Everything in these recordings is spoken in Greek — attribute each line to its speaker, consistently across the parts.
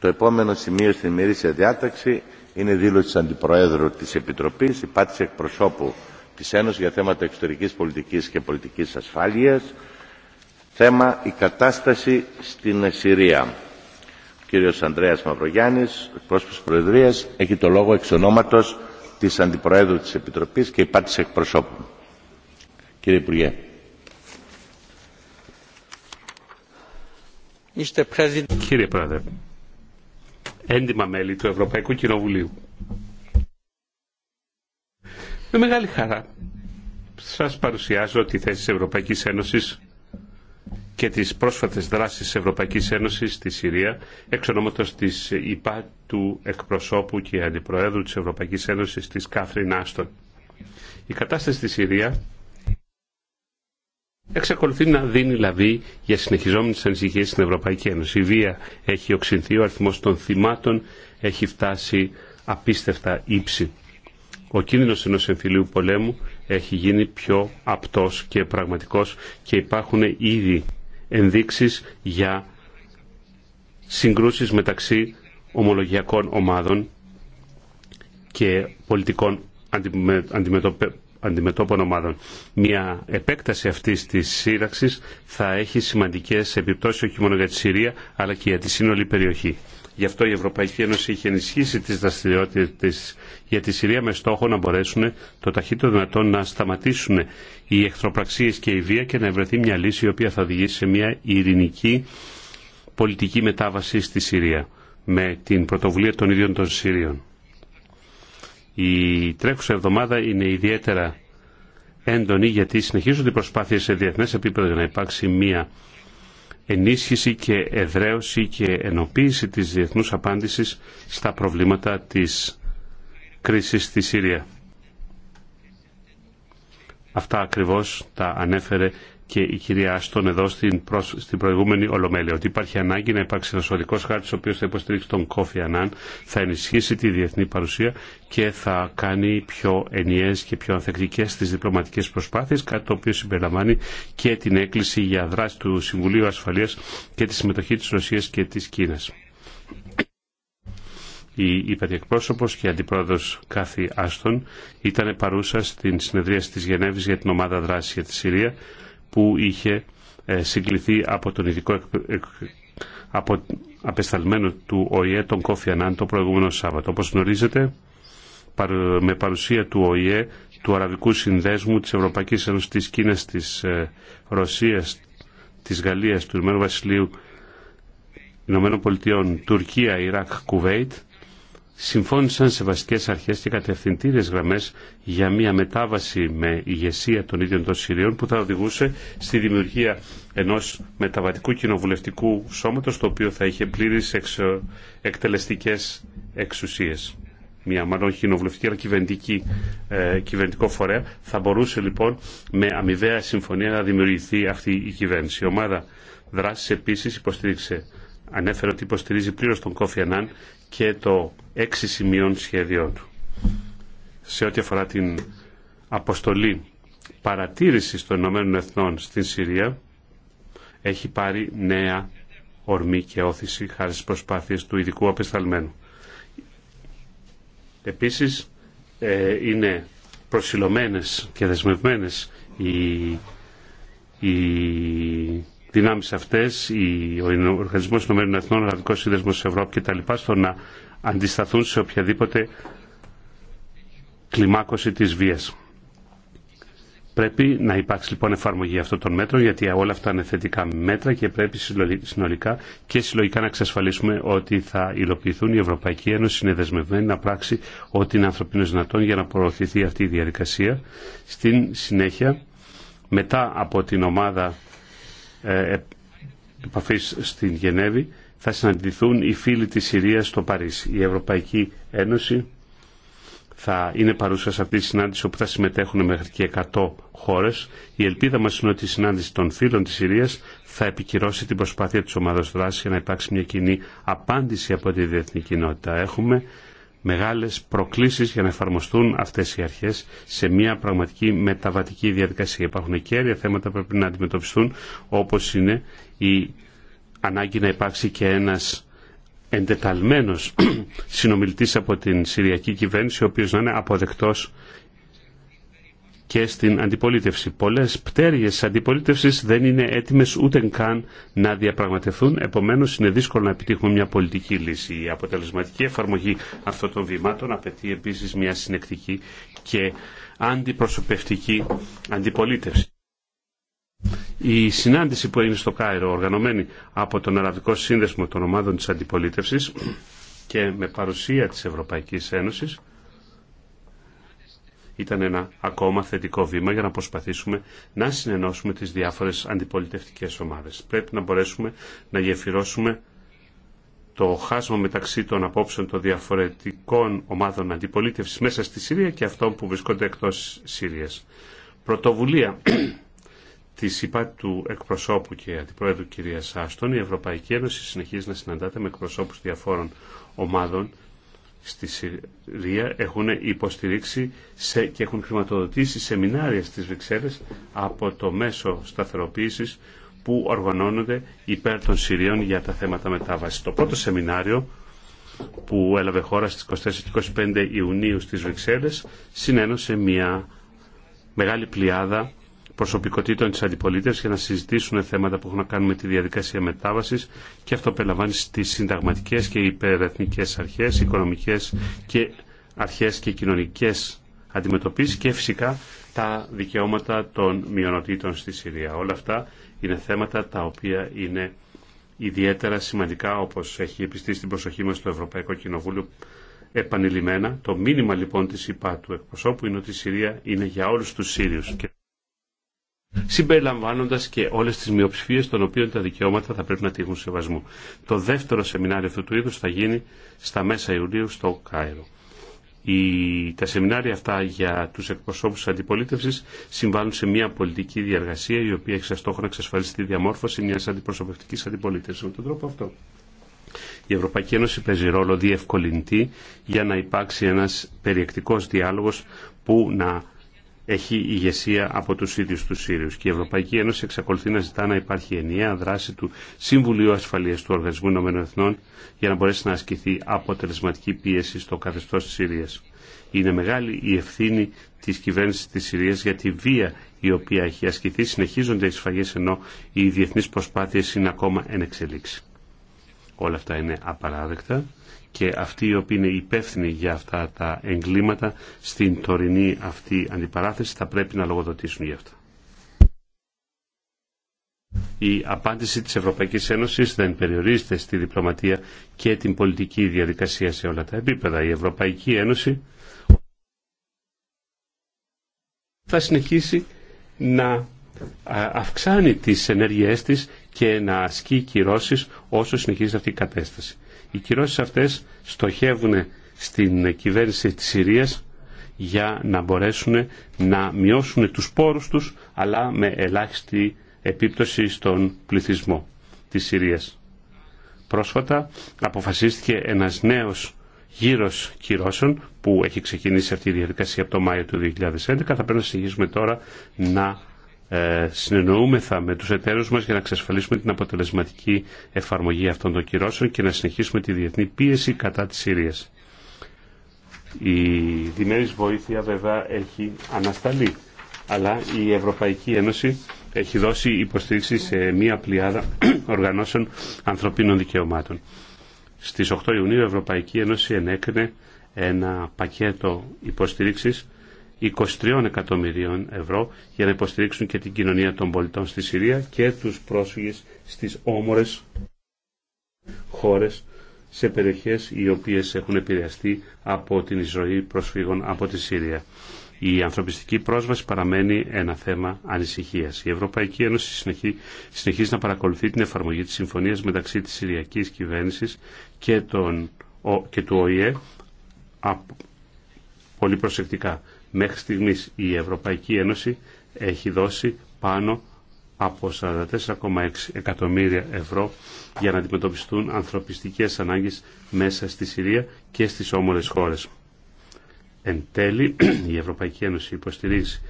Speaker 1: Το επόμενο σημείο στην ημερήσια διάταξη είναι δήλωση Αντιπροέδρου της Επιτροπή, υπάτηση εκπροσώπου της Ένωσης για θέματα εξωτερικής πολιτικής και πολιτικής ασφάλειας Θέμα η κατάσταση στην Συρία. Ο κύριος Ανδρέας Μαυρογιάννης, εκπρόσωπος της Προεδρίας, έχει το λόγο εξ ονόματος της Αντιπροέδρου της Επιτροπής και υπάτης εκπροσώπου. Κύριε Υπουργέ.
Speaker 2: Κύριε Πρόεδρε, έντιμα μέλη του Ευρωπαϊκού Κοινοβουλίου. Με μεγάλη χαρά σας παρουσιάζω τη θέση της Ευρωπαϊκής Ένωσης και τις πρόσφατες δράσεις της Ευρωπαϊκής Ένωσης στη Συρία εξ ονόματος της ΥΠΑ του εκπροσώπου και αντιπροέδρου της Ευρωπαϊκής Ένωσης της Κάθριν Άστον. Η κατάσταση στη Συρία εξακολουθεί να δίνει λαβή για συνεχιζόμενες ανησυχίε στην Ευρωπαϊκή Ένωση. Η βία έχει οξυνθεί, ο αριθμός των θυμάτων έχει φτάσει απίστευτα ύψη. Ο κίνδυνος ενό εμφυλίου πολέμου έχει γίνει πιο απτός και πραγματικό, και υπάρχουν ήδη ενδείξεις για συγκρούσεις μεταξύ ομολογιακών ομάδων και πολιτικών αντιμετώπων ομάδων. Μια επέκταση αυτή τη σύραξη θα έχει σημαντικέ επιπτώσει όχι μόνο για τη Συρία αλλά και για τη σύνολη περιοχή. Γι' αυτό η Ευρωπαϊκή Ένωση είχε ενισχύσει τι δραστηριότητε για τη Συρία με στόχο να μπορέσουν το ταχύτερο δυνατόν να σταματήσουν οι εχθροπραξίε και η βία και να βρεθεί μια λύση η οποία θα οδηγήσει σε μια ειρηνική πολιτική μετάβαση στη Συρία με την πρωτοβουλία των ίδιων των Σύριων. Η τρέχουσα εβδομάδα είναι ιδιαίτερα έντονη γιατί συνεχίζονται οι προσπάθειες σε διεθνές επίπεδο για να υπάρξει μία ενίσχυση και εδραίωση και ενοποίηση της διεθνούς απάντησης στα προβλήματα της κρίσης στη Συρία. Αυτά ακριβώς τα ανέφερε και η κυρία Άστον εδώ στην, προσ... στην προηγούμενη Ολομέλεια ότι υπάρχει ανάγκη να υπάρξει ένα οδικό χάρτη ο οποίο θα υποστηρίξει τον Κόφι Ανάν, θα ενισχύσει τη διεθνή παρουσία και θα κάνει πιο ενιαίε και πιο ανθεκτικέ τι διπλωματικέ προσπάθειε, κάτι το οποίο συμπεριλαμβάνει και την έκκληση για δράση του Συμβουλίου Ασφαλεία και τη συμμετοχή τη Ρωσία και τη Κίνα. Η υπερδιεκπρόσωπο και αντιπρόεδρο Κάθη Άστον ήταν παρούσα στην συνεδρία τη Γενέβη για την ομάδα δράση για τη Συρία που είχε ε, συγκληθεί από τον ειδικό από απεσταλμένο του ΟΗΕ τον Κόφι το προηγούμενο Σάββατο. Όπως γνωρίζετε, με παρουσία του ΟΗΕ, του Αραβικού Συνδέσμου, της Ευρωπαϊκής Ένωσης, της Κίνας, της ε, Ρωσίας, της Γαλλίας, του Ηνωμένου Βασιλείου, Ηνωμένων Πολιτειών, Τουρκία, Ιράκ, Κουβέιτ, συμφώνησαν σε βασικές αρχές και κατευθυντήριε γραμμές για μια μετάβαση με ηγεσία των ίδιων των Συρίων που θα οδηγούσε στη δημιουργία ενός μεταβατικού κοινοβουλευτικού σώματος το οποίο θα είχε πλήρε εξο... εκτελεστικές εξουσίες. Μια μάλλον κοινοβουλευτική αλλά κυβερνητική, ε, κυβερνητικό φορέα. Θα μπορούσε λοιπόν με αμοιβαία συμφωνία να δημιουργηθεί αυτή η κυβέρνηση. Η ομάδα δράση επίση, υποστήριξε ανέφερε ότι υποστηρίζει πλήρω τον Κόφι Ανάν και το έξι σημείων σχέδιό του. Σε ό,τι αφορά την αποστολή παρατήρησης των Ηνωμένων Εθνών στην Συρία, έχει πάρει νέα ορμή και όθηση χάρη στις προσπάθειες του ειδικού απεσταλμένου. Επίσης, ε, είναι προσιλωμένες και δεσμευμένες οι δυνάμεις αυτές, ο Οργανισμός Ηνωμένων Εθνών, ο Αραβικός Σύνδεσμος της Ευρώπη κτλ. στο να αντισταθούν σε οποιαδήποτε κλιμάκωση της βίας. Πρέπει να υπάρξει λοιπόν εφαρμογή αυτών των μέτρων, γιατί όλα αυτά είναι θετικά μέτρα και πρέπει συνολικά και συλλογικά να εξασφαλίσουμε ότι θα υλοποιηθούν. Η Ευρωπαϊκή Ένωση είναι δεσμευμένη να πράξει ό,τι είναι ανθρωπίνως δυνατόν για να προωθηθεί αυτή η διαδικασία. Στην συνέχεια, μετά από την ομάδα ε, ε, Επαφή στην Γενέβη θα συναντηθούν οι φίλοι της Συρίας στο Παρίσι. Η Ευρωπαϊκή Ένωση θα είναι παρούσα σε αυτή τη συνάντηση όπου θα συμμετέχουν μέχρι και 100 χώρες. Η ελπίδα μας είναι ότι η συνάντηση των φίλων της Συρίας θα επικυρώσει την προσπάθεια της ομάδας δράσης για να υπάρξει μια κοινή απάντηση από τη διεθνή κοινότητα. Έχουμε μεγάλες προκλήσεις για να εφαρμοστούν αυτές οι αρχές σε μια πραγματική μεταβατική διαδικασία. Υπάρχουν κέρια θέματα που πρέπει να αντιμετωπιστούν όπως είναι η ανάγκη να υπάρξει και ένας εντεταλμένος συνομιλητής από την Συριακή κυβέρνηση ο οποίος να είναι αποδεκτός και στην αντιπολίτευση. Πολλές πτέρυγες αντιπολίτευσης δεν είναι έτοιμες ούτε καν να διαπραγματευτούν, επομένως είναι δύσκολο να επιτύχουμε μια πολιτική λύση. Η αποτελεσματική εφαρμογή αυτών των βημάτων απαιτεί επίσης μια συνεκτική και αντιπροσωπευτική αντιπολίτευση. Η συνάντηση που έγινε στο Κάιρο, οργανωμένη από τον Αραβικό Σύνδεσμο των Ομάδων της Αντιπολίτευσης και με παρουσία της Ευρωπαϊκής Ένωσης, ήταν ένα ακόμα θετικό βήμα για να προσπαθήσουμε να συνενώσουμε τις διάφορες αντιπολιτευτικές ομάδες. Πρέπει να μπορέσουμε να γεφυρώσουμε το χάσμα μεταξύ των απόψεων των διαφορετικών ομάδων αντιπολίτευσης μέσα στη Συρία και αυτών που βρισκόνται εκτός Συρίας. Πρωτοβουλία τη ΥΠΑ του εκπροσώπου και αντιπρόεδρου κυρία Άστον, η Ευρωπαϊκή Ένωση συνεχίζει να συναντάται με εκπροσώπους διαφόρων ομάδων στη Συρία έχουν υποστηρίξει και έχουν χρηματοδοτήσει σεμινάρια στις Βρυξέλλες από το μέσο σταθεροποίησης που οργανώνονται υπέρ των Συρίων για τα θέματα μετάβασης. Το πρώτο σεμινάριο που έλαβε χώρα στις 24 25 Ιουνίου στις Βρυξέλλες συνένωσε μια μεγάλη πλειάδα προσωπικότητων τη αντιπολίτευση για να συζητήσουν θέματα που έχουν να κάνουν με τη διαδικασία μετάβαση και αυτό περιλαμβάνει στις συνταγματικές και υπερεθνικές αρχέ, οικονομικέ και αρχέ και κοινωνικέ αντιμετωπίσει και φυσικά τα δικαιώματα των μειονοτήτων στη Συρία. Όλα αυτά είναι θέματα τα οποία είναι ιδιαίτερα σημαντικά όπως έχει επιστήσει την προσοχή μας το Ευρωπαϊκό Κοινοβούλιο επανειλημμένα. Το μήνυμα λοιπόν της ΥΠΑ του εκπροσώπου είναι ότι η Συρία είναι για όλους τους Σύριους συμπεριλαμβάνοντα και όλε τι μειοψηφίε των οποίων τα δικαιώματα θα πρέπει να τύχουν σεβασμό. Το δεύτερο σεμινάριο αυτού του είδου θα γίνει στα μέσα Ιουλίου στο Κάιρο. Η, τα σεμινάρια αυτά για τους εκπροσώπους τη αντιπολίτευσης συμβάλλουν σε μια πολιτική διαργασία η οποία έχει σαν στόχο να εξασφαλίσει τη διαμόρφωση μιας αντιπροσωπευτικής αντιπολίτευσης. Με τον τρόπο αυτό η Ευρωπαϊκή Ένωση παίζει ρόλο διευκολυντή για να υπάρξει ένα περιεκτικός διάλογο που να έχει ηγεσία από τους ίδιους τους Σύριους και η Ευρωπαϊκή Ένωση εξακολουθεί να ζητά να υπάρχει ενιαία δράση του Συμβουλίου Ασφαλείας του Οργανισμού Εθνών για να μπορέσει να ασκηθεί αποτελεσματική πίεση στο καθεστώς της Συρίας. Είναι μεγάλη η ευθύνη της κυβέρνησης της Συρίας για τη βία η οποία έχει ασκηθεί, συνεχίζονται οι σφαγές ενώ οι διεθνείς προσπάθειες είναι ακόμα εν εξελίξη. Όλα αυτά είναι απαράδεκτα και αυτοί οι οποίοι είναι υπεύθυνοι για αυτά τα εγκλήματα στην τωρινή αυτή αντιπαράθεση θα πρέπει να λογοδοτήσουν γι' αυτό. Η απάντηση της Ευρωπαϊκής Ένωσης δεν περιορίζεται στη διπλωματία και την πολιτική διαδικασία σε όλα τα επίπεδα. Η Ευρωπαϊκή Ένωση θα συνεχίσει να αυξάνει τις ενέργειές της και να ασκεί κυρώσεις όσο συνεχίζει αυτή η κατάσταση. Οι κυρώσεις αυτές στοχεύουν στην κυβέρνηση της Συρίας για να μπορέσουν να μειώσουν τους πόρους τους αλλά με ελάχιστη επίπτωση στον πληθυσμό της Συρίας. Πρόσφατα αποφασίστηκε ένας νέος γύρος κυρώσεων που έχει ξεκινήσει αυτή η διαδικασία από το Μάιο του 2011. Θα πρέπει να συνεχίσουμε τώρα να ε, συνεννοούμεθα με τους εταίρους μας για να εξασφαλίσουμε την αποτελεσματική εφαρμογή αυτών των κυρώσεων και να συνεχίσουμε τη διεθνή πίεση κατά της Συρίας. Η διμέρης βοήθεια βέβαια έχει ανασταλεί, αλλά η Ευρωπαϊκή Ένωση έχει δώσει υποστήριξη σε μία πλειάδα οργανώσεων ανθρωπίνων δικαιωμάτων. Στις 8 Ιουνίου η Ευρωπαϊκή Ένωση ενέκρινε ένα πακέτο υποστήριξης 23 εκατομμυρίων ευρώ για να υποστηρίξουν και την κοινωνία των πολιτών στη Συρία και τους πρόσφυγες στις όμορες χώρες σε περιοχές οι οποίες έχουν επηρεαστεί από την εισρωή προσφύγων από τη Συρία. Η ανθρωπιστική πρόσβαση παραμένει ένα θέμα ανησυχίας. Η Ευρωπαϊκή Ένωση συνεχίζει να παρακολουθεί την εφαρμογή της συμφωνίας μεταξύ της Συριακής Κυβέρνησης και, και του ΟΗΕ πολύ προσεκτικά. Μέχρι στιγμής η Ευρωπαϊκή Ένωση έχει δώσει πάνω από 44,6 εκατομμύρια ευρώ για να αντιμετωπιστούν ανθρωπιστικές ανάγκες μέσα στη Συρία και στις όμορες χώρες. Εν τέλει, η Ευρωπαϊκή Ένωση υποστηρίζει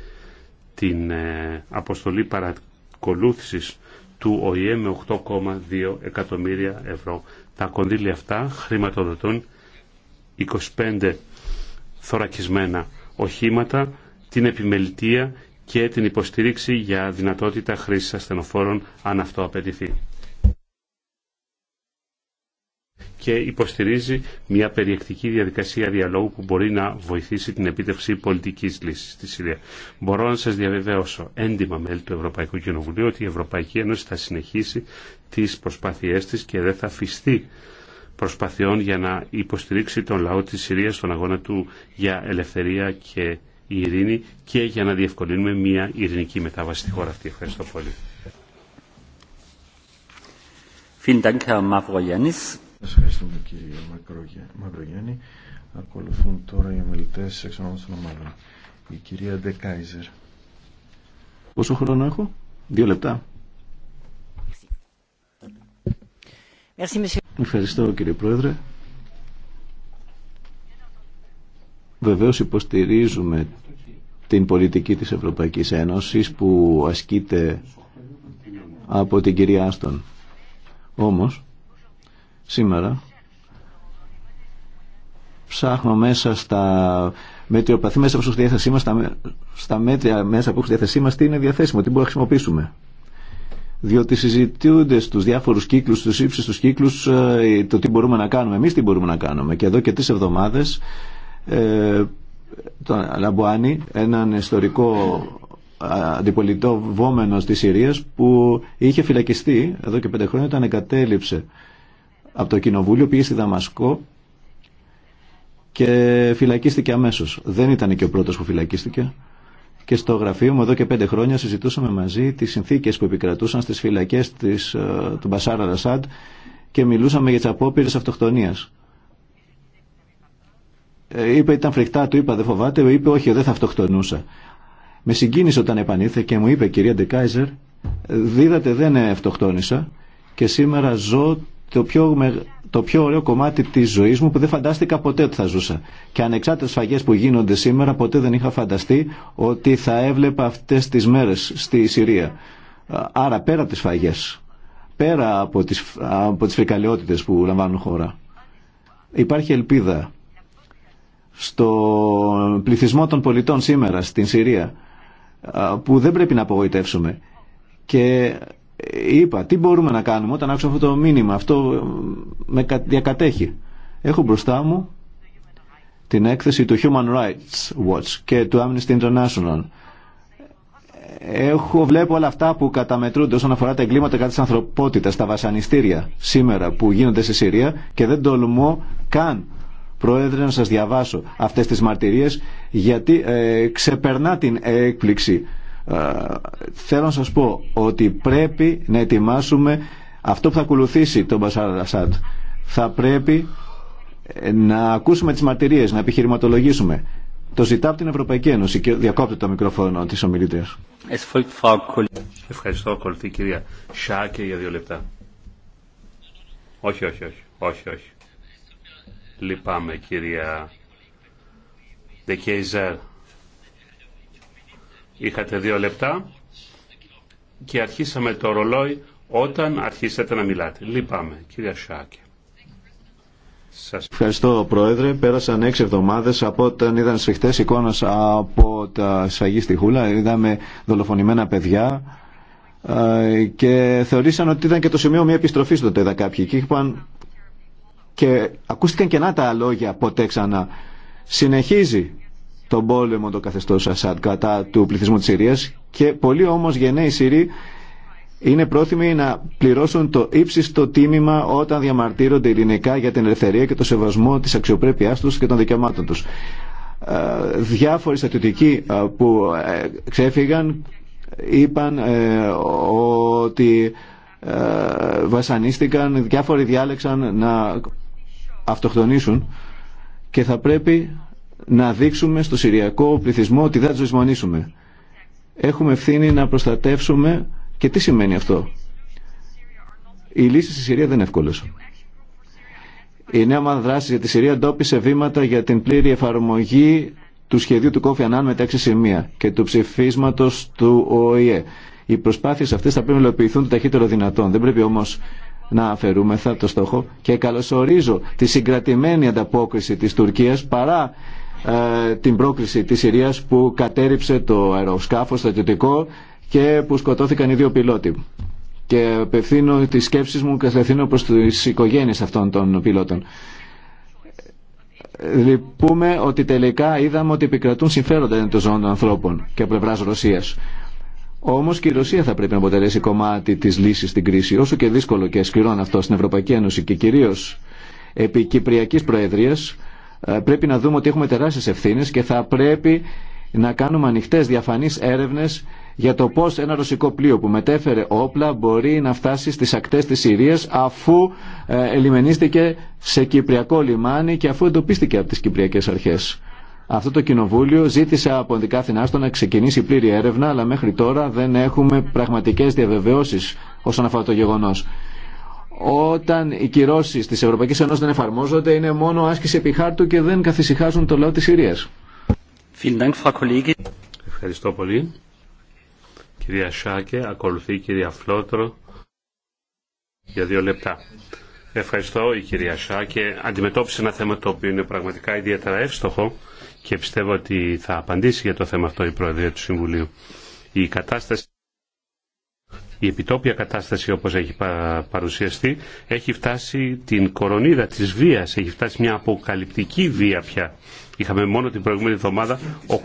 Speaker 2: την ε, αποστολή παρακολούθησης του ΟΗΕ με 8,2 εκατομμύρια ευρώ. Τα κονδύλια αυτά χρηματοδοτούν 25 θωρακισμένα οχήματα, την επιμελητία και την υποστήριξη για δυνατότητα χρήσης ασθενοφόρων αν αυτό απαιτηθεί. Και υποστηρίζει μια περιεκτική διαδικασία διαλόγου που μπορεί να βοηθήσει την επίτευξη πολιτικής λύσης στη Συρία. Μπορώ να σας διαβεβαιώσω έντιμα μέλη του Ευρωπαϊκού Κοινοβουλίου ότι η Ευρωπαϊκή Ένωση θα συνεχίσει τις προσπάθειές της και δεν θα αφιστεί προσπαθειών για να υποστηρίξει τον λαό της Συρίας στον αγώνα του για ελευθερία και ειρήνη και για να διευκολύνουμε μια ειρηνική μετάβαση στη χώρα αυτή. Ευχαριστώ πολύ.
Speaker 3: ευχαριστούμε κύριε Μακρογιάννη. Ακολουθούν τώρα οι ομιλητέ εξ ονόμων
Speaker 4: των
Speaker 5: ομάδων. Η κυρία Ντεκάιζερ.
Speaker 4: Πόσο χρόνο έχω? Δύο λεπτά. Ευχαριστώ κύριε Πρόεδρε. Βεβαίως υποστηρίζουμε την πολιτική της Ευρωπαϊκής Ένωσης που ασκείται από την κυρία Άστον. Όμως, σήμερα ψάχνω μέσα στα μετριοπαθή μέσα που έχουμε στα, μέτρια μέσα που στη διάθεσή μας, τι είναι διαθέσιμο, τι μπορούμε να χρησιμοποιήσουμε διότι συζητούνται στους διάφορους κύκλους, στους ύψιστους κύκλους ε, το τι μπορούμε να κάνουμε, εμείς τι μπορούμε να κάνουμε. Και εδώ και τρει εβδομάδες ε, τον Λαμποάνη, έναν ιστορικό αντιπολιτευόμενο της Συρίας που είχε φυλακιστεί εδώ και πέντε χρόνια, όταν εγκατέλειψε από το κοινοβούλιο, πήγε στη Δαμασκό και φυλακίστηκε αμέσως. Δεν ήταν και ο πρώτος που φυλακίστηκε. Και στο γραφείο μου εδώ και πέντε χρόνια συζητούσαμε μαζί τις συνθήκες που επικρατούσαν στις φυλακές της, ε, του Μπασάρα Ρασάντ και μιλούσαμε για τις απόπειρες αυτοκτονίας. Ε, είπε ήταν φρικτά, του είπα δεν φοβάται, είπε όχι δεν θα αυτοκτονούσα. Με συγκίνησε όταν επανήλθε και μου είπε κυρία Ντεκάιζερ ε, δίδατε δεν αυτοκτόνησα και σήμερα ζω το πιο το πιο ωραίο κομμάτι τη ζωή μου που δεν φαντάστηκα ποτέ ότι θα ζούσα. Και ανεξάρτητες φαγές που γίνονται σήμερα, ποτέ δεν είχα φανταστεί ότι θα έβλεπα αυτέ τι μέρε στη Συρία. Άρα πέρα τι φαγές, πέρα από τι από τις φρικαλαιότητες που λαμβάνουν χώρα, υπάρχει ελπίδα στο πληθυσμό των πολιτών σήμερα στην Συρία που δεν πρέπει να απογοητεύσουμε. Και είπα τι μπορούμε να κάνουμε όταν άκουσα αυτό το μήνυμα. Αυτό ε, με διακατέχει. Έχω μπροστά μου την έκθεση του Human Rights Watch και του Amnesty International. Έχω, βλέπω όλα αυτά που καταμετρούνται όσον αφορά τα εγκλήματα κατά της ανθρωπότητας, τα βασανιστήρια σήμερα που γίνονται στη Συρία και δεν τολμώ καν, Πρόεδρε, να σας διαβάσω αυτές τις μαρτυρίες γιατί ε, ξεπερνά την έκπληξη θέλω να σας πω ότι πρέπει να ετοιμάσουμε αυτό που θα ακολουθήσει τον Μπασάρ Ρασάτ Θα πρέπει ε, να ακούσουμε τις μαρτυρίες, να επιχειρηματολογήσουμε. Το ζητά από την Ευρωπαϊκή Ένωση και διακόπτω το μικρόφωνο τη ομιλήτριας.
Speaker 3: Ευχαριστώ.
Speaker 2: Ακολουθεί κυρία Σάκε για δύο λεπτά. Όχι, όχι, όχι. όχι, όχι. Λυπάμαι κυρία Δεκέιζερ Είχατε δύο λεπτά και αρχίσαμε το ρολόι όταν αρχίσατε να μιλάτε. Λυπάμαι, κυρία Σάκη. Σας
Speaker 4: ευχαριστώ Πρόεδρε. Πέρασαν έξι εβδομάδες από όταν είδαν σφιχτές εικόνες από τα σφαγή στη Χούλα. Είδαμε δολοφονημένα παιδιά και θεωρήσαν ότι ήταν και το σημείο μια επιστροφή Τότε είδα κάποιοι. Και, είπαν... και ακούστηκαν τα λόγια ποτέ ξανά. Συνεχίζει τον πόλεμο το καθεστώς Ασάντ κατά του πληθυσμού της Συρίας και πολλοί όμως γενναίοι Σύριοι είναι πρόθυμοι να πληρώσουν το ύψιστο τίμημα όταν διαμαρτύρονται ειρηνικά για την ελευθερία και το σεβασμό της αξιοπρέπειάς τους και των δικαιωμάτων τους. Ε, διάφοροι στατιωτικοί ε, που ε, ξέφυγαν είπαν ότι βασανίστηκαν, διάφοροι διάλεξαν να αυτοκτονήσουν και θα πρέπει να δείξουμε στο συριακό πληθυσμό ότι δεν του δυσμονήσουμε. Έχουμε ευθύνη να προστατεύσουμε και τι σημαίνει αυτό. Η λύση στη Συρία δεν είναι εύκολος. Η νέα ομάδα δράση για τη Συρία ντόπισε βήματα για την πλήρη εφαρμογή του σχεδίου του Κόφι Ανάν με τα σημεία και του ψηφίσματο του ΟΗΕ. Οι προσπάθειε αυτέ θα πρέπει να υλοποιηθούν το ταχύτερο δυνατόν. Δεν πρέπει όμω να αφαιρούμεθα το στόχο και καλωσορίζω τη συγκρατημένη ανταπόκριση της Τουρκίας παρά ε, την πρόκληση της Συρίας που κατέριψε το αεροσκάφος στρατιωτικό και που σκοτώθηκαν οι δύο πιλότοι. Και απευθύνω τις σκέψεις μου και απευθύνω προς τις οικογένειες αυτών των πιλότων. Λυπούμε ότι τελικά είδαμε ότι επικρατούν συμφέροντα εντό ζώων των ανθρώπων και πλευρά Ρωσία. Όμω και η Ρωσία θα πρέπει να αποτελέσει κομμάτι τη λύση στην κρίση, όσο και δύσκολο και σκληρό αυτό στην Ευρωπαϊκή Ένωση και κυρίω επί Κυπριακή Προεδρία, ε, πρέπει να δούμε ότι έχουμε τεράστιες ευθύνες και θα πρέπει να κάνουμε ανοιχτές διαφανείς έρευνες για το πώς ένα ρωσικό πλοίο που μετέφερε όπλα μπορεί να φτάσει στις ακτές της Συρίας αφού ε, ελιμενίστηκε σε κυπριακό λιμάνι και αφού εντοπίστηκε από τις κυπριακές αρχές. Αυτό το κοινοβούλιο ζήτησε από δικά να ξεκινήσει πλήρη έρευνα, αλλά μέχρι τώρα δεν έχουμε πραγματικές διαβεβαιώσεις όσον αφορά το γεγονός όταν οι κυρώσει τη Ευρωπαϊκή Ένωση δεν εφαρμόζονται, είναι μόνο άσκηση επιχάρτου και δεν καθησυχάζουν το λαό τη Συρία.
Speaker 3: Ευχαριστώ πολύ. Κυρία Σάκε, ακολουθεί η
Speaker 2: κυρία Φλότρο για δύο λεπτά. Ευχαριστώ η κυρία Σάκε. Αντιμετώπισε ένα θέμα το οποίο είναι πραγματικά ιδιαίτερα εύστοχο και πιστεύω ότι θα απαντήσει για το θέμα αυτό η Προεδρία του Συμβουλίου. Η κατάσταση η επιτόπια κατάσταση όπως έχει παρουσιαστεί έχει φτάσει την κορονίδα της βίας, έχει φτάσει μια αποκαλυπτική βία πια. Είχαμε μόνο την προηγούμενη εβδομάδα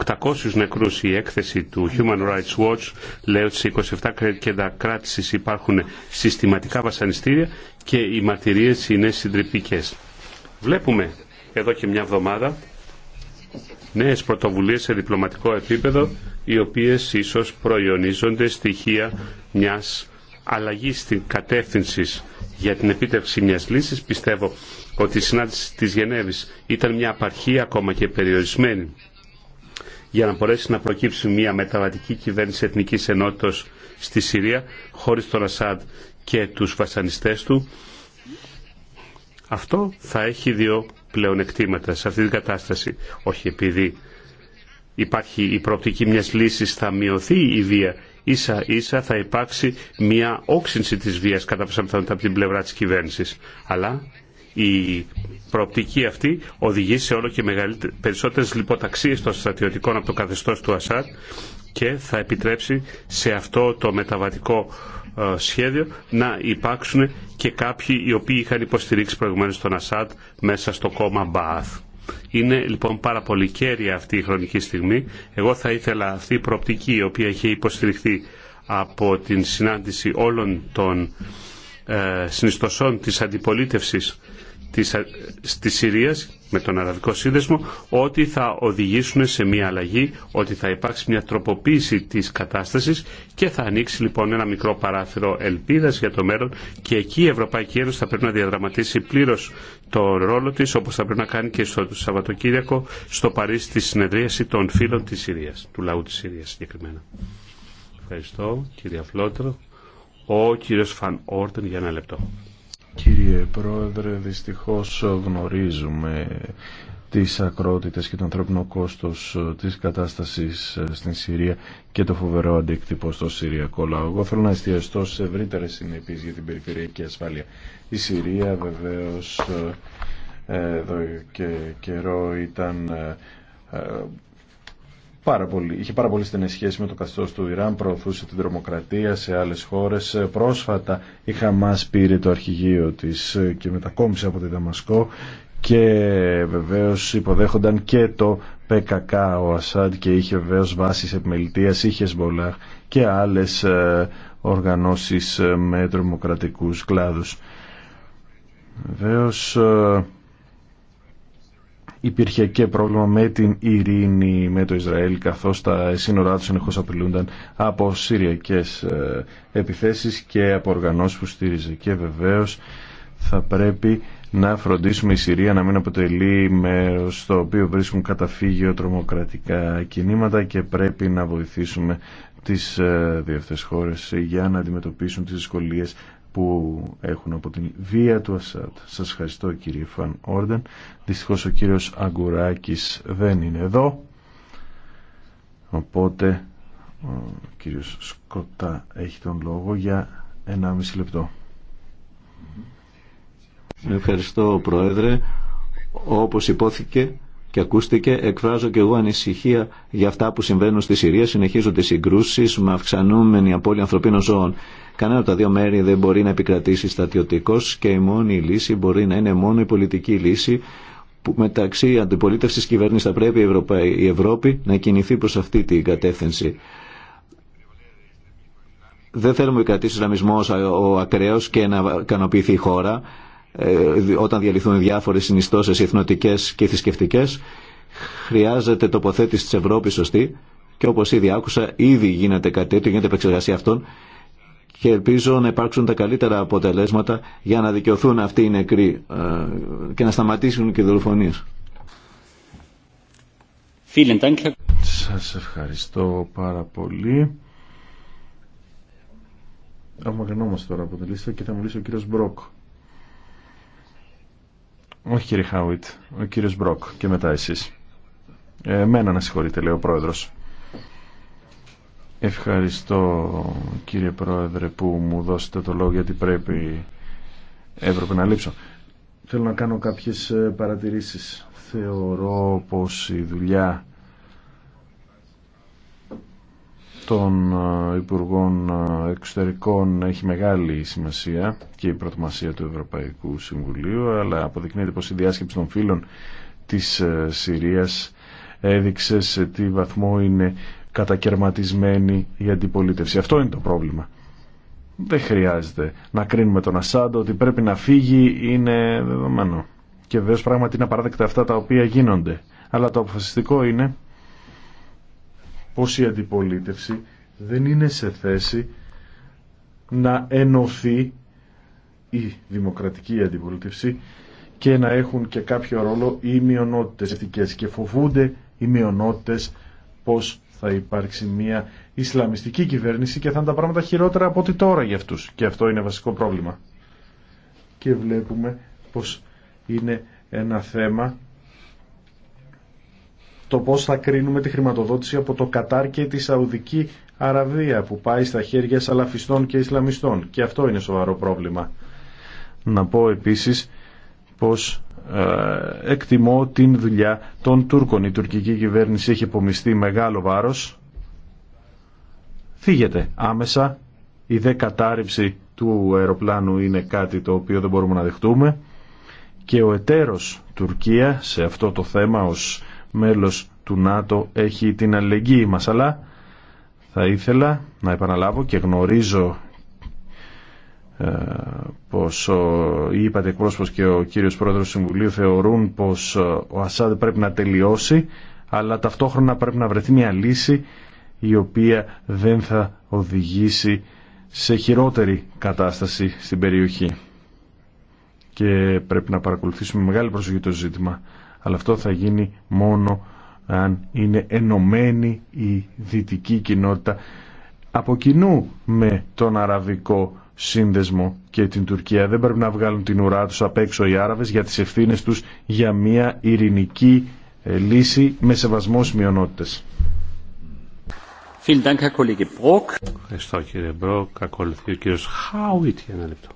Speaker 2: 800 νεκρούς. Η έκθεση του Human Rights Watch λέει ότι σε 27 κέντρα κράτησης υπάρχουν συστηματικά βασανιστήρια και οι μαρτυρίες είναι συντριπτικές. Βλέπουμε εδώ και μια εβδομάδα νέες πρωτοβουλίες σε διπλωματικό επίπεδο, οι οποίες ίσως προϊονίζονται στοιχεία μιας αλλαγής στην κατεύθυνση για την επίτευξη μιας λύσης. Πιστεύω ότι η συνάντηση της Γενέβης ήταν μια απαρχή ακόμα και περιορισμένη για να μπορέσει να προκύψει μια μεταβατική κυβέρνηση εθνικής ενότητα στη Συρία χωρίς τον Ασάντ και τους βασανιστές του. Αυτό θα έχει δύο σε αυτή την κατάσταση. Όχι επειδή υπάρχει η προοπτική μιας λύσης θα μειωθεί η βία ίσα ίσα θα υπάρξει μια όξυνση της βίας κατά πιθανότητα από την πλευρά της κυβέρνησης. Αλλά η προοπτική αυτή οδηγεί σε όλο και περισσότερες λιποταξίες των στρατιωτικών από το καθεστώς του Ασάτ και θα επιτρέψει σε αυτό το μεταβατικό ε, σχέδιο να υπάρξουν και κάποιοι οι οποίοι είχαν υποστηρίξει προηγουμένως τον Ασάτ μέσα στο κόμμα Μπαάθ. Είναι λοιπόν πάρα πολύ κέρια αυτή η χρονική στιγμή. Εγώ θα ήθελα αυτή η προοπτική η οποία είχε υποστηριχθεί από την συνάντηση όλων των ε, συνιστοσών της αντιπολίτευσης της, στη Συρίας με τον Αραβικό Σύνδεσμο ότι θα οδηγήσουν σε μια αλλαγή, ότι θα υπάρξει μια τροποποίηση της κατάστασης και θα ανοίξει λοιπόν ένα μικρό παράθυρο ελπίδας για το μέλλον και εκεί η Ευρωπαϊκή Ένωση θα πρέπει να διαδραματίσει πλήρως το ρόλο της όπως θα πρέπει να κάνει και στο Σαββατοκύριακο στο Παρίσι τη συνεδρίαση των φίλων της Συρίας, του λαού της Συρίας συγκεκριμένα. Ευχαριστώ κύριε Φλότρο. Ο κύριος Φαν Όρτεν για ένα λεπτό.
Speaker 5: Κύριε Πρόεδρε, δυστυχώς γνωρίζουμε τις ακρότητες και το ανθρώπινο κόστος της κατάστασης στην Συρία και το φοβερό αντίκτυπο στο συριακό λαό. Εγώ θέλω να εστιαστώ σε ευρύτερες συνέπειες για την περιφερειακή ασφάλεια. Η Συρία βεβαίως ε, εδώ και καιρό ήταν ε, πάρα πολύ, είχε πάρα πολύ στενές σχέσεις με το καθεστώς του Ιράν, προωθούσε την τρομοκρατία σε άλλες χώρες. Πρόσφατα η Χαμάς πήρε το αρχηγείο της και μετακόμισε από τη Δαμασκό και βεβαίως υποδέχονταν και το ΠΚΚ ο Ασάντ και είχε βεβαίως βάσεις επιμελητίας, είχε Σμπολάχ και άλλες ε, οργανώσεις ε, με τρομοκρατικούς κλάδους. Βεβαίως ε, υπήρχε και πρόβλημα με την ειρήνη με το Ισραήλ καθώς τα σύνορά τους συνεχώς απειλούνταν από συριακές ε, επιθέσεις και από οργανώσεις που στήριζε και βεβαίως θα πρέπει να φροντίσουμε η Συρία να μην αποτελεί μέρος στο οποίο βρίσκουν καταφύγιο τρομοκρατικά κινήματα και πρέπει να βοηθήσουμε τις ε, δύο χώρες για να αντιμετωπίσουν τις δυσκολίες που έχουν από την βία του Ασάτ. Σας ευχαριστώ κύριε Φαν Όρντεν. Δυστυχώς ο κύριος Αγκουράκης δεν είναι εδώ. Οπότε ο κύριος Σκοτά έχει τον λόγο για 1,5 λεπτό.
Speaker 4: Ευχαριστώ Πρόεδρε. Όπως υπόθηκε και ακούστηκε, εκφράζω και εγώ ανησυχία για αυτά που συμβαίνουν στη Συρία. Συνεχίζονται συγκρούσει με αυξανούμενη απώλεια ανθρωπίνων ζώων. Κανένα από τα δύο μέρη δεν μπορεί να επικρατήσει στατιωτικό και η μόνη λύση μπορεί να είναι μόνο η πολιτική λύση που μεταξύ αντιπολίτευση κυβέρνηση θα πρέπει η, η Ευρώπη να κινηθεί προ αυτή την κατεύθυνση. Δεν θέλουμε να κρατήσει ο ο ακραίο και να ικανοποιηθεί η χώρα. Ε, όταν διαλυθούν διάφορες συνιστώσεις εθνοτικές και θρησκευτικέ. Χρειάζεται τοποθέτηση της Ευρώπης σωστή και όπως ήδη άκουσα ήδη γίνεται κάτι τέτοιο, γίνεται επεξεργασία αυτών και ελπίζω να υπάρξουν τα καλύτερα αποτελέσματα για να δικαιωθούν αυτοί οι νεκροί ε, και να σταματήσουν και οι δολοφονίες. Σας ευχαριστώ πάρα πολύ.
Speaker 5: Απομακρυνόμαστε τώρα από τη λίστα και θα μιλήσει ο κύριος Μπρόκ. Όχι κύριε Χάουιτ, ο κύριος Μπροκ και μετά εσείς. Ε, εμένα να συγχωρείτε λέει ο πρόεδρος. Ευχαριστώ κύριε πρόεδρε που μου δώσετε το λόγο γιατί πρέπει έπρεπε να λείψω. Θέλω να κάνω κάποιες ε, παρατηρήσεις. Θεωρώ πως η δουλειά των ε, Υπουργών ε, Εξωτερικών έχει μεγάλη σημασία και η προτομασία του Ευρωπαϊκού Συμβουλίου αλλά αποδεικνύεται πως η διάσκεψη των φίλων της ε, Συρίας έδειξε σε τι βαθμό είναι κατακαιρματισμένη η αντιπολίτευση. Αυτό είναι το πρόβλημα. Δεν χρειάζεται να κρίνουμε τον Ασάντο ότι πρέπει να φύγει είναι δεδομένο. Και βεβαίω πράγματι είναι απαράδεκτα αυτά τα οποία γίνονται. Αλλά το αποφασιστικό είναι πως η αντιπολίτευση δεν είναι σε θέση να ενωθεί η δημοκρατική αντιπολίτευση και να έχουν και κάποιο ρόλο οι μειονότητες και φοβούνται οι μειονότητες πως θα υπάρξει μια Ισλαμιστική κυβέρνηση και θα είναι τα πράγματα χειρότερα από ό,τι τώρα για αυτούς και αυτό είναι βασικό πρόβλημα και βλέπουμε πως είναι ένα θέμα το πώς θα κρίνουμε τη χρηματοδότηση από το Κατάρ και τη Σαουδική Αραβία που πάει στα χέρια Σαλαφιστών και Ισλαμιστών. Και αυτό είναι σοβαρό πρόβλημα. Να πω επίσης πως ε, εκτιμώ την δουλειά των Τούρκων. Η τουρκική κυβέρνηση έχει υπομειστεί μεγάλο βάρος. Φύγεται άμεσα. Η δε κατάρριψη του αεροπλάνου είναι κάτι το οποίο δεν μπορούμε να δεχτούμε. Και ο εταίρος Τουρκία σε αυτό το θέμα ως μέλος του ΝΑΤΟ έχει την αλληλεγγύη μας. Αλλά θα ήθελα να επαναλάβω και γνωρίζω ε, πως ο, η είπατε εκπρόσωπος και ο κύριος πρόεδρος του Συμβουλίου θεωρούν πως ε, ο ΑΣΑΔ πρέπει να τελειώσει αλλά ταυτόχρονα πρέπει να βρεθεί μια λύση η οποία δεν θα οδηγήσει σε χειρότερη κατάσταση στην περιοχή και πρέπει να παρακολουθήσουμε μεγάλη προσοχή το ζήτημα αλλά αυτό θα γίνει μόνο αν είναι ενωμένη η δυτική κοινότητα από κοινού με τον αραβικό σύνδεσμο και την Τουρκία. Δεν πρέπει να βγάλουν την ουρά τους απ' έξω οι Άραβες για τις ευθύνες τους για μια ειρηνική ε, λύση με σεβασμό στις μειονότητες.
Speaker 3: Ευχαριστώ κύριε Μπρόκ. Ακολουθεί ο κύριος
Speaker 2: Χάουιτ
Speaker 3: για ένα λεπτό.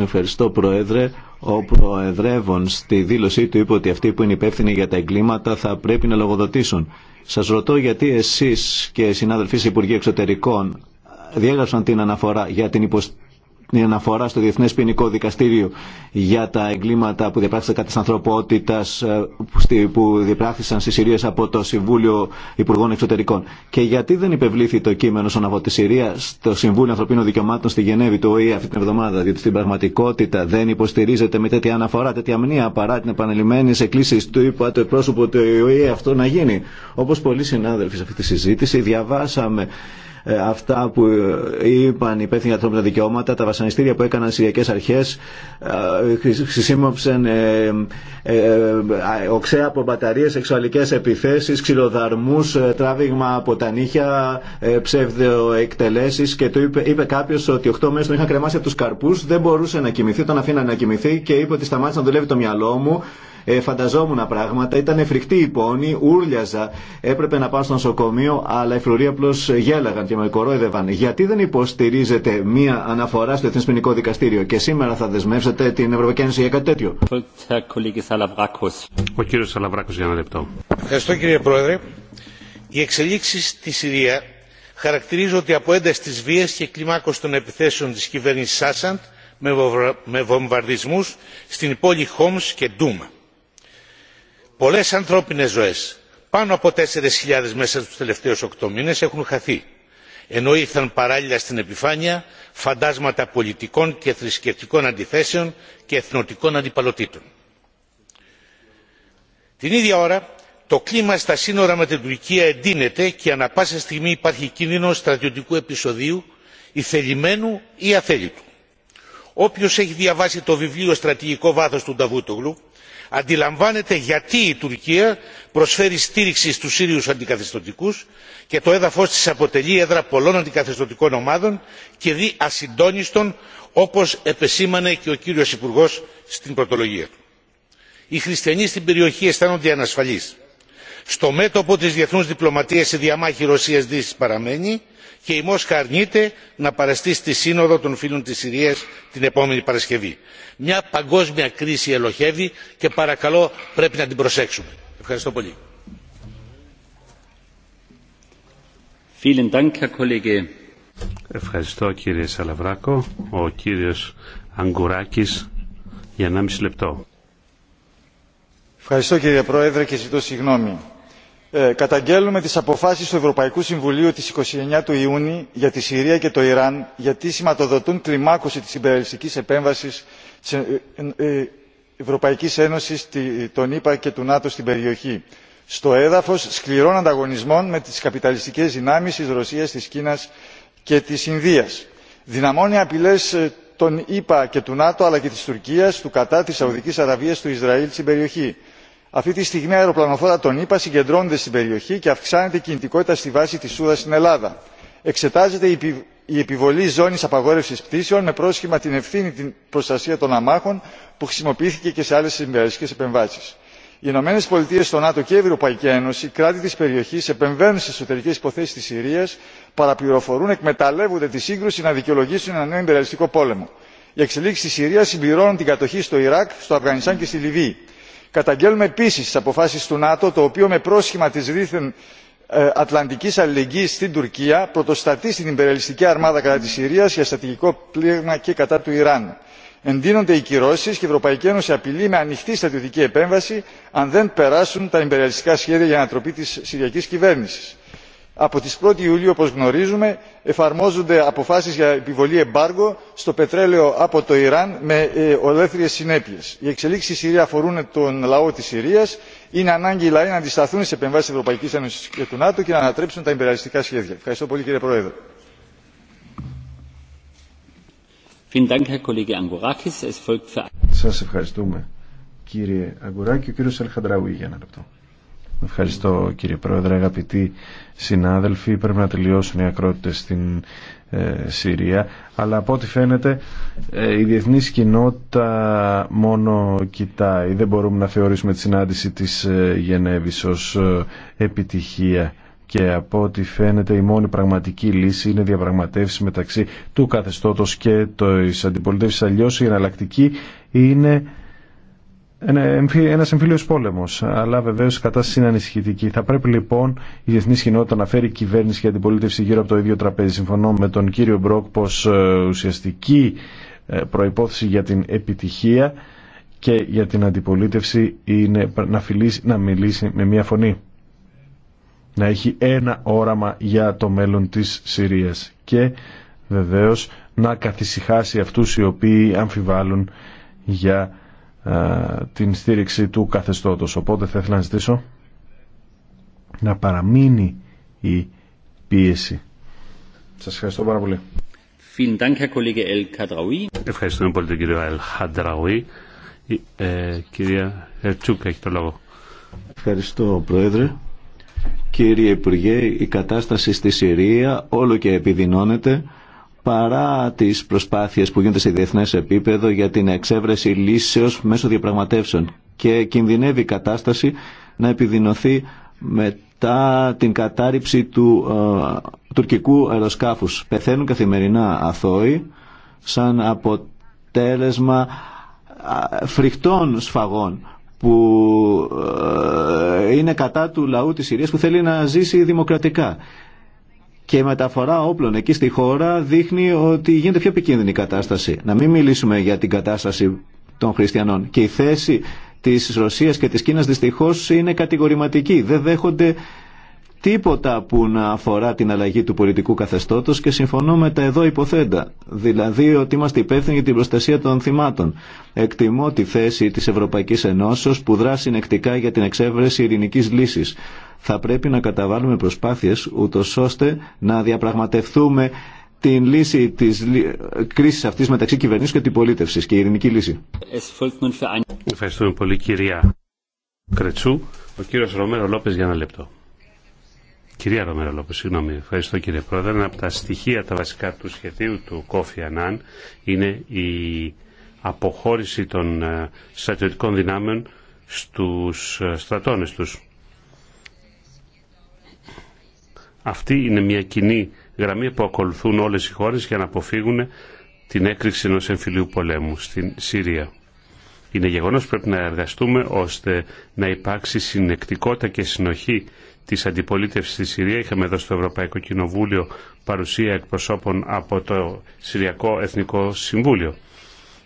Speaker 4: Ευχαριστώ Πρόεδρε. Ο Προεδρεύων στη δήλωσή του είπε ότι αυτοί που είναι υπεύθυνοι για τα εγκλήματα θα πρέπει να λογοδοτήσουν. Σας ρωτώ γιατί εσείς και οι συνάδελφοί Υπουργοί Εξωτερικών διέγραψαν την αναφορά για την υποστήριξη την αναφορά στο Διεθνέ Ποινικό Δικαστήριο για τα εγκλήματα που διαπράχθησαν κατά τη ανθρωπότητα ε, που διαπράχθησαν στι Συρίε από το Συμβούλιο Υπουργών Εξωτερικών. Και γιατί δεν υπευλήθη το κείμενο στον από τη Συρία στο Συμβούλιο Ανθρωπίνων Δικαιωμάτων στη Γενέβη του ΟΗΕ αυτή την εβδομάδα, διότι στην πραγματικότητα δεν υποστηρίζεται με τέτοια αναφορά, τέτοια μνήμα παρά την επανελειμμένη εκκλήση του είπα του εκπρόσωπου του ΟΗΕ αυτό να γίνει. Όπω πολλοί συνάδελφοι σε αυτή τη συζήτηση διαβάσαμε ε, αυτά που ε, είπαν οι υπεύθυνοι για τα δικαιώματα, τα βασανιστήρια που έκαναν συριακές αρχές, ε, χρησιμοποίησαν οξέα από μπαταρίες, σεξουαλικές επιθέσεις, ξυλοδαρμούς, τράβηγμα από τα νύχια, ψευδοεκτελέσεις και το είπε, είπε κάποιος ότι 8 μέρες τον είχαν κρεμάσει από τους καρπούς, δεν μπορούσε να κοιμηθεί, τον αφήνα να κοιμηθεί και είπε ότι σταμάτησε να δουλεύει το μυαλό μου ε, φανταζόμουν πράγματα, ήταν φρικτή η πόνη, ούρλιαζα, έπρεπε να πάω στο νοσοκομείο, αλλά οι φρουροί απλώ γέλαγαν και με κορόιδευαν. Γιατί δεν υποστηρίζετε μία αναφορά στο Εθνικό Δικαστήριο και σήμερα θα δεσμεύσετε την Ευρωπαϊκή Ένωση για κάτι
Speaker 3: τέτοιο. Ο κύριο Σαλαβράκο για ένα λεπτό.
Speaker 1: Ευχαριστώ κύριε Πρόεδρε. Οι εξελίξει στη Συρία χαρακτηρίζονται από ένταση τη βία και κλιμάκωση των επιθέσεων τη κυβέρνησης Σάσαντ με βομβαρδισμούς στην πόλη Χόμς και Ντούμα πολλές ανθρώπινες ζωές πάνω από τέσσερις χιλιάδες μέσα στους τελευταίους οκτώ μήνες έχουν χαθεί ενώ ήρθαν παράλληλα στην επιφάνεια φαντάσματα πολιτικών και θρησκευτικών αντιθέσεων και εθνοτικών αντιπαλωτήτων. την ίδια ώρα το κλίμα στα σύνορα με την τουρκία εντείνεται και ανα πάσα στιγμή υπάρχει κίνδυνο στρατιωτικού επεισοδίου ηθελημένου ή αθέλητου. όποιος έχει διαβάσει το βιβλίο στρατηγικό βάθο του νταβούτογλου αντιλαμβάνεται γιατί η τουρκία προσφέρει στήριξη στους σύριους αντικαθεστωτικούς και το έδαφος της αποτελεί έδρα πολλών αντικαθεστωτικών ομάδων και δι' ασυντόνιστων όπως επεσήμανε και ο κύριος υπουργός στην πρωτολογία του. οι χριστιανοί στην περιοχή αισθάνονται ανασφαλείς στο μέτωπο της διεθνούς διπλωματίας η διαμάχη ρωσίας δύσης παραμένει και η μόσχα αρνείται να παραστεί στη σύνοδο των φίλων της συρίας την επόμενη παρασκευή. μια παγκόσμια κρίση ελοχεύει και παρακαλώ πρέπει να την προσέξουμε. ευχαριστώ πολύ.
Speaker 2: Ευχαριστώ κύριε Σαλαβράκο. Ο κύριος Αγκουράκης για 1,5 λεπτό.
Speaker 6: Ευχαριστώ κύριε Πρόεδρε και ζητώ συγγνώμη ε, καταγγέλνουμε τις αποφάσεις του ευρωπαϊκού συμβουλίου της 29 του ιουνίου για τη συρία και το ιράν γιατί σηματοδοτούν κλιμάκωση της υπεραλιστικής επέμβασης της ε, ε, ευρωπαϊκής ένωσης των ηπα και του νατο στην περιοχή στο έδαφος σκληρών ανταγωνισμών με τις καπιταλιστικές δυνάμεις της ρωσίας της κίνας και της ινδίας. δυναμώνει απειλές των ηπα και του νατο αλλά και της τουρκίας του κατάρ της σαουδικής αραβίας του ισραήλ στην περιοχή αυτή τη στιγμή αεροπλανοφόρα των ηπα συγκεντρώνονται στην περιοχή και αυξάνεται η κινητικότητα στη βάση της Σούδα στην ελλάδα. εξετάζεται η επιβολή ζώνης απαγόρευσης πτήσεων με πρόσχημα την ευθύνη την προστασία των αμάχων που χρησιμοποιήθηκε και σε άλλες συμβιβαστικές επεμβάσεις. οι ηνωμένε πολιτείε το νατο και η ευρωπαϊκή ένωση κράτη της περιοχής επεμβαίνουν στις εσωτερικές υποθέσεις της συρίας παραπληροφορούν εκμεταλλεύονται τη σύγκρουση να δικαιολογήσουν ένα νέο πόλεμο. οι εξελίξεις στη συρία συμπληρώνουν την κατοχή στο ιράκ στο αφγανιστάν και στη λιβύη καταγγέλνουμε επίσης τις αποφάσεις του νάτο το οποίο με πρόσχημα της δίθεν ε, ατλαντικής αλληλεγγύης στην τουρκία πρωτοστατεί στην υπερελιστική αρμάδα κατά της συρίας για στρατηγικό πλήγμα και κατά του ιράν. εντείνονται οι κυρώσεις και η ευρωπαϊκή ένωση απειλεί με ανοιχτή στρατιωτική επέμβαση αν δεν περάσουν τα υπερελιστικά σχέδια για ανατροπή της συριακής κυβέρνησης από τις 1 Ιουλίου, όπως γνωρίζουμε, εφαρμόζονται αποφάσεις για επιβολή εμπάργκο στο πετρέλαιο από το Ιράν με ε, ολέθριες συνέπειες. Οι εξελίξεις στη Συρία αφορούν τον λαό της Συρίας. Είναι ανάγκη οι λαοί να αντισταθούν στις επεμβάσεις της Ευρωπαϊκής Ένωσης και του ΝΑΤΟ και να ανατρέψουν τα υπεραλιστικά σχέδια. Ευχαριστώ πολύ κύριε Πρόεδρε.
Speaker 3: Σας ευχαριστούμε
Speaker 5: κύριε Αγκουράκη. Ο κύριος Αλχαντράουι για ένα λεπτό. Ευχαριστώ κύριε Πρόεδρε, αγαπητοί συνάδελφοι. Πρέπει να τελειώσουν οι ακρότητες στην ε, Συρία. Αλλά από ό,τι φαίνεται ε, η διεθνής κοινότητα μόνο κοιτάει. Δεν μπορούμε να θεωρήσουμε τη συνάντηση της ε, Γενέβης ως ε, επιτυχία. Και από ό,τι φαίνεται η μόνη πραγματική λύση είναι διαπραγματεύσει μεταξύ του καθεστώτος και της αντιπολίτευσης. Αλλιώς η εναλλακτική είναι ένα εμφύλιος πόλεμος, αλλά βεβαίω η κατάσταση είναι ανησυχητική. Θα πρέπει λοιπόν η διεθνή κοινότητα να φέρει κυβέρνηση και αντιπολίτευση γύρω από το ίδιο τραπέζι. Συμφωνώ με τον κύριο Μπρόκ πως ε, ουσιαστική ε, προϋπόθεση για την επιτυχία και για την αντιπολίτευση είναι να, φιλήσει, να μιλήσει με μία φωνή. Να έχει ένα όραμα για το μέλλον της Συρίας και βεβαίως να καθησυχάσει αυτούς οι οποίοι αμφιβάλλουν για ε, την στήριξη του καθεστώτος. Οπότε θα ήθελα να ζητήσω να παραμείνει η πίεση. Σας ευχαριστώ πάρα πολύ.
Speaker 3: Ευχαριστούμε πολύ τον κύριο Ελ Χαντραουή.
Speaker 2: κυρία Ερτσούκ έχει το λόγο.
Speaker 4: Ευχαριστώ Πρόεδρε. Κύριε Υπουργέ, η κατάσταση στη Συρία όλο και επιδεινώνεται παρά τις προσπάθειες που γίνονται σε διεθνές επίπεδο για την εξέβρεση λύσεως μέσω διαπραγματεύσεων και κινδυνεύει η κατάσταση να επιδεινωθεί μετά την κατάρριψη του ε, τουρκικού αεροσκάφους. Πεθαίνουν καθημερινά αθώοι σαν αποτέλεσμα φρικτών σφαγών που ε, είναι κατά του λαού της Συρίας που θέλει να ζήσει δημοκρατικά και η μεταφορά όπλων εκεί στη χώρα δείχνει ότι γίνεται πιο επικίνδυνη η κατάσταση. Να μην μιλήσουμε για την κατάσταση των χριστιανών. Και η θέση της Ρωσίας και της Κίνας δυστυχώς είναι κατηγορηματική. Δεν δέχονται τίποτα που να αφορά την αλλαγή του πολιτικού καθεστώτος και συμφωνώ με τα εδώ υποθέντα, δηλαδή ότι είμαστε υπεύθυνοι για την προστασία των θυμάτων. Εκτιμώ τη θέση της Ευρωπαϊκής Ενώσεως που δρά συνεκτικά για την εξέβρεση ειρηνικής λύσης. Θα πρέπει να καταβάλουμε προσπάθειες ούτω ώστε να διαπραγματευτούμε την λύση της κρίσης αυτής μεταξύ κυβερνήσεων και πολίτευση και η ειρηνική λύση.
Speaker 2: Ευχαριστούμε πολύ κυρία Κρετσού. Ο κύριος Ρωμένο Λόπες για ένα λεπτό. Κυρία Ρομέρα Λόπε, συγγνώμη, ευχαριστώ κύριε Πρόεδρε. Ένα από τα στοιχεία τα βασικά του σχεδίου του Κόφι Ανάν είναι η αποχώρηση των ε, στρατιωτικών δυνάμεων στους ε, στρατώνες τους. Αυτή είναι μια κοινή γραμμή που ακολουθούν όλες οι χώρες για να αποφύγουν την έκρηξη ενός εμφυλίου πολέμου στην Συρία. Είναι γεγονός πρέπει να εργαστούμε ώστε να υπάρξει συνεκτικότητα και συνοχή Τη αντιπολίτευση στη Συρία. Είχαμε εδώ στο Ευρωπαϊκό Κοινοβούλιο παρουσία εκπροσώπων από το Συριακό Εθνικό Συμβούλιο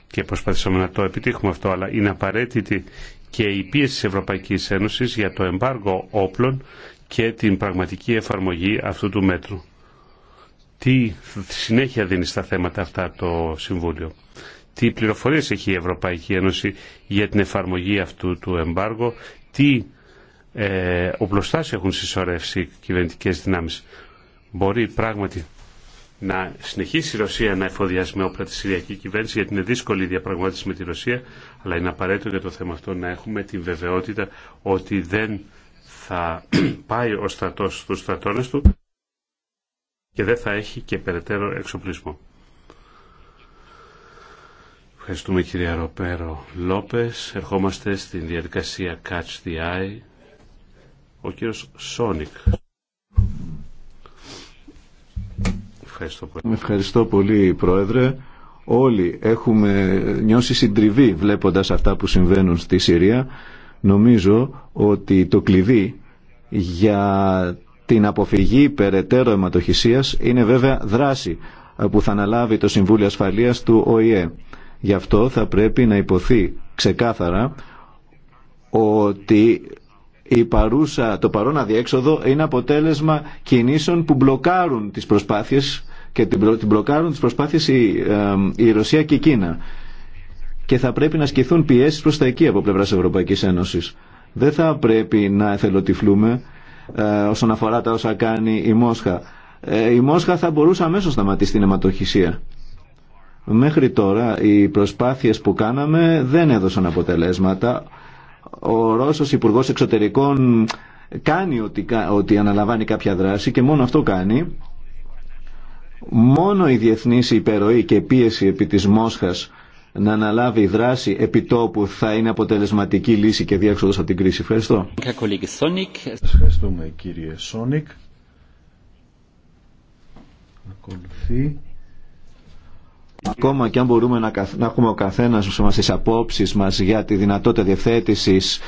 Speaker 2: και προσπαθήσαμε να το επιτύχουμε αυτό, αλλά είναι απαραίτητη και η πίεση τη Ευρωπαϊκής Ένωσης για το εμπάργο όπλων και την πραγματική εφαρμογή αυτού του μέτρου. Τι συνέχεια δίνει στα θέματα αυτά το Συμβούλιο. Τι πληροφορίες έχει η Ευρωπαϊκή Ένωση για την εφαρμογή αυτού του εμπάργου, τι ε, έχουν συσσωρεύσει κυβερνητικέ δυνάμεις. Μπορεί πράγματι να συνεχίσει η Ρωσία να εφοδιάσει με όπλα τη Συριακή κυβέρνηση, γιατί είναι δύσκολη η διαπραγμάτευση με τη Ρωσία, αλλά είναι απαραίτητο για το θέμα αυτό να έχουμε την βεβαιότητα ότι δεν θα πάει ο στρατό στους στρατώνε του και δεν θα έχει και περαιτέρω εξοπλισμό. Ευχαριστούμε κυρία Ροπέρο Λόπες. Ερχόμαστε στην διαδικασία Catch the Eye. Ο κύριος Σόνικ. Ευχαριστώ
Speaker 4: πολύ. Πρόεδρε. Όλοι έχουμε νιώσει συντριβή βλέποντας αυτά που συμβαίνουν στη Συρία. Νομίζω ότι το κλειδί για την αποφυγή περαιτέρω αιματοχυσίας είναι βέβαια δράση που θα αναλάβει το Συμβούλιο Ασφαλείας του ΟΗΕ. Γι' αυτό θα πρέπει να υποθεί ξεκάθαρα ότι η παρούσα, το παρόν αδιέξοδο είναι αποτέλεσμα κινήσεων που μπλοκάρουν τις προσπάθειες και την, μπλοκάρουν τις προσπάθειες η, Ρωσία και η Κίνα. Και θα πρέπει να σκηθούν πιέσεις προς τα εκεί από πλευράς Ευρωπαϊκής Ένωσης. Δεν θα πρέπει να εθελοτυφλούμε ε, όσον αφορά τα όσα κάνει η Μόσχα. Ε, η Μόσχα θα μπορούσε αμέσως να σταματήσει την αιματοχυσία. Μέχρι τώρα οι προσπάθειες που κάναμε δεν έδωσαν αποτελέσματα ο Ρώσος Υπουργό Εξωτερικών κάνει ότι, ότι αναλαμβάνει κάποια δράση και μόνο αυτό κάνει. Μόνο η διεθνής υπεροή και πίεση επί της Μόσχας να αναλάβει δράση επί τόπου θα είναι αποτελεσματική λύση και διέξοδος από την κρίση. Ευχαριστώ.
Speaker 3: Ευχαριστούμε κύριε Σόνικ.
Speaker 4: Ακόμα και αν μπορούμε να, έχουμε ο καθένας μας τις απόψεις μας για τη δυνατότητα διευθέτησης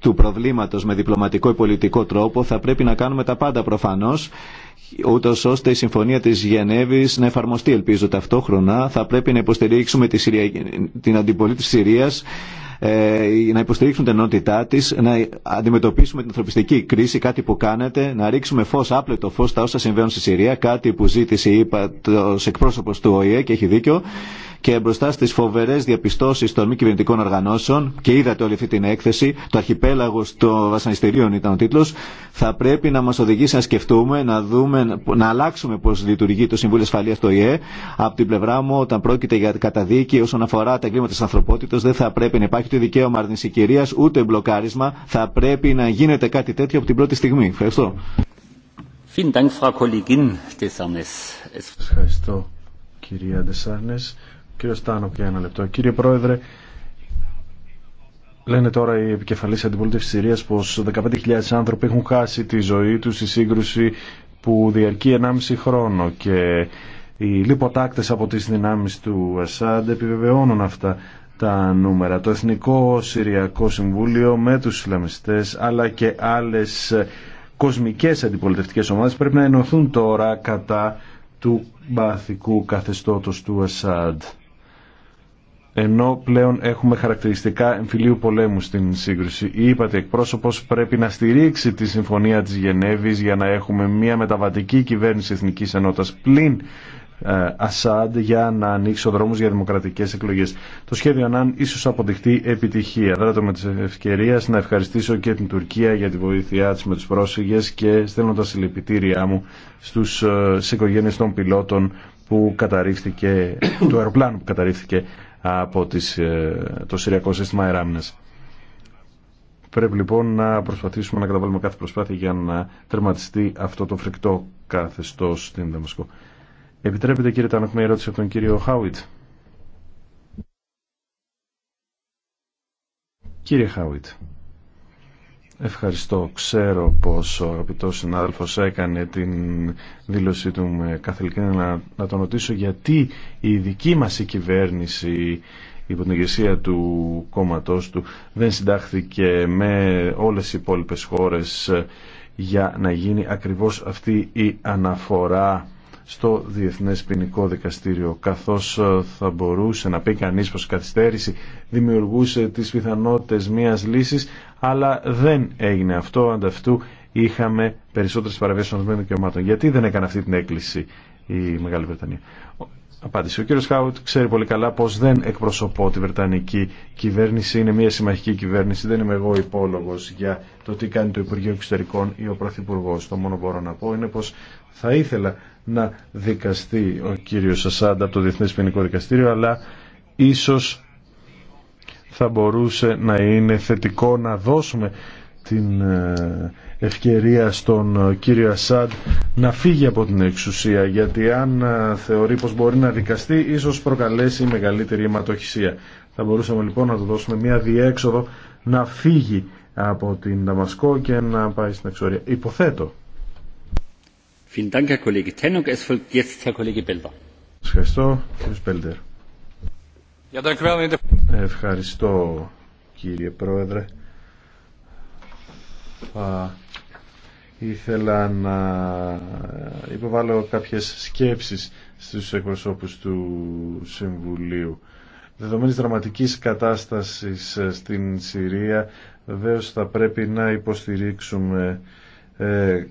Speaker 4: του προβλήματος με διπλωματικό ή πολιτικό τρόπο θα πρέπει να κάνουμε τα πάντα προφανώς ούτως ώστε η συμφωνία της Γενέβης να εφαρμοστεί ελπίζω ταυτόχρονα θα πρέπει να κανουμε τα παντα προφανως Συρία, ωστε η συμφωνια της γενεβης να εφαρμοστει ελπιζω ταυτοχρονα θα πρεπει να υποστηριξουμε τη Συρια... την αντιπολίτευση της Συρίας ε, να υποστηρίξουμε την ενότητά τη, να αντιμετωπίσουμε την ανθρωπιστική κρίση, κάτι που κάνετε, να ρίξουμε φω, άπλετο φω στα όσα συμβαίνουν στη Συρία, κάτι που ζήτησε είπα ω εκπρόσωπο του ΟΗΕ και έχει δίκιο και μπροστά στι φοβερέ διαπιστώσει των μη κυβερνητικών οργανώσεων, και είδατε όλη αυτή την έκθεση, το αρχιπέλαγο των βασανιστήριων ήταν ο τίτλο, θα πρέπει να μα οδηγήσει να σκεφτούμε, να, δούμε, να αλλάξουμε πώ λειτουργεί το Συμβούλιο Ασφαλεία στο ΙΕ. Από την πλευρά μου, όταν πρόκειται για καταδίκη όσον αφορά τα εγκλήματα τη ανθρωπότητα, δεν θα πρέπει να υπάρχει το δικαίωμα αρνηση ούτε μπλοκάρισμα. Θα πρέπει να γίνεται κάτι τέτοιο από την πρώτη στιγμή. Ευχαριστώ.
Speaker 5: κυρία Κύριε Στάνο, για ένα λεπτό. Κύριε Πρόεδρε, λένε τώρα οι επικεφαλής αντιπολίτευσης Συρίας πως 15.000 άνθρωποι έχουν χάσει τη ζωή τους στη σύγκρουση που διαρκεί 1,5 χρόνο και οι λιποτάκτες από τις δυνάμεις του Ασάντ επιβεβαιώνουν αυτά τα νούμερα. Το Εθνικό Συριακό Συμβούλιο με τους Ισλαμιστές αλλά και άλλες κοσμικές αντιπολιτευτικές ομάδες πρέπει να ενωθούν τώρα κατά του μπαθικού καθεστώτος του Ασάντ ενώ πλέον έχουμε χαρακτηριστικά εμφυλίου πολέμου στην σύγκρουση. Η ύπατη εκπρόσωπος πρέπει να στηρίξει τη Συμφωνία της Γενέβης για να έχουμε μια μεταβατική κυβέρνηση Εθνικής Ενότητας πλην ε, Ασάντ για να ανοίξει ο δρόμος για δημοκρατικέ εκλογέ. Το σχέδιο Ανάν ίσω αποδειχτεί επιτυχία. Δράτω με τις ευκαιρία να ευχαριστήσω και την Τουρκία για τη βοήθειά τη με τους πρόσφυγε και στέλνω τα συλληπιτήριά μου στους ε, οικογένειε των πιλότων που καταρρίφθηκε, του αεροπλάνου που καταρρίφθηκε από τις, ε, το Συριακό Σύστημα Εράμινας. Πρέπει λοιπόν να προσπαθήσουμε να καταβάλουμε κάθε προσπάθεια για να τερματιστεί αυτό το φρικτό καθεστώ στην Δαμασκό. Επιτρέπετε κύριε Τανόκ μια ερώτηση από τον κύριο Χάουιτ. Κύριε Χάουιτ, Ευχαριστώ. Ξέρω πως ο αγαπητός συνάδελφος έκανε την δήλωσή του με να, τον ρωτήσω γιατί η δική μας η κυβέρνηση υπό την ηγεσία του κόμματός του δεν συντάχθηκε με όλες οι υπόλοιπες χώρες για να γίνει ακριβώς αυτή η αναφορά στο Διεθνές Ποινικό Δικαστήριο καθώς θα μπορούσε να πει κανείς πως καθυστέρηση δημιουργούσε τις πιθανότητες μιας λύσης, αλλά δεν έγινε αυτό, ανταυτού είχαμε περισσότερες παραβίασεις των ορισμένων δικαιωμάτων. Γιατί δεν έκανε αυτή την έκκληση η Μεγάλη Βρετανία. Απάντηση. Ο κύριο Χάουτ ξέρει πολύ καλά πω δεν εκπροσωπώ τη Βρετανική κυβέρνηση. Είναι μια συμμαχική κυβέρνηση. Δεν είμαι εγώ υπόλογο για το τι κάνει το Υπουργείο Εξωτερικών ή ο Πρωθυπουργό. Το μόνο μπορώ να πω είναι πω θα ήθελα να δικαστεί ο κύριο Ασάντα από το Διεθνέ Ποινικό Δικαστήριο, αλλά ίσω θα μπορούσε να είναι θετικό να δώσουμε την ε, ευκαιρία στον ε, κύριο Ασάντ να φύγει από την εξουσία γιατί αν ε, θεωρεί πως μπορεί να δικαστεί ίσως προκαλέσει μεγαλύτερη αιματοχυσία. Θα μπορούσαμε λοιπόν να του δώσουμε μια διέξοδο να φύγει από την Δαμασκό και να πάει στην εξορία. Υποθέτω. Ευχαριστώ κύριε Σπέλτερ. Ευχαριστώ κύριε Πρόεδρε. ήθελα να ε, υποβάλω κάποιες σκέψεις στους εκπροσώπους του Συμβουλίου. Δεδομένης δραματικής κατάστασης ε, στην Συρία, βεβαίω θα πρέπει να υποστηρίξουμε ε,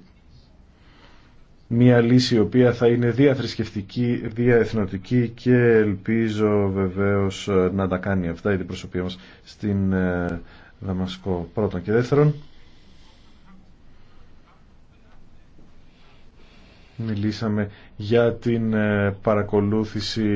Speaker 5: μια λύση η οποία θα είναι διαθρησκευτική, διαεθνοτική και ελπίζω βεβαίως να τα κάνει αυτά η προσωπία μας στην ε, Δαμασκό πρώτον και δεύτερον. Μιλήσαμε για την ε, παρακολούθηση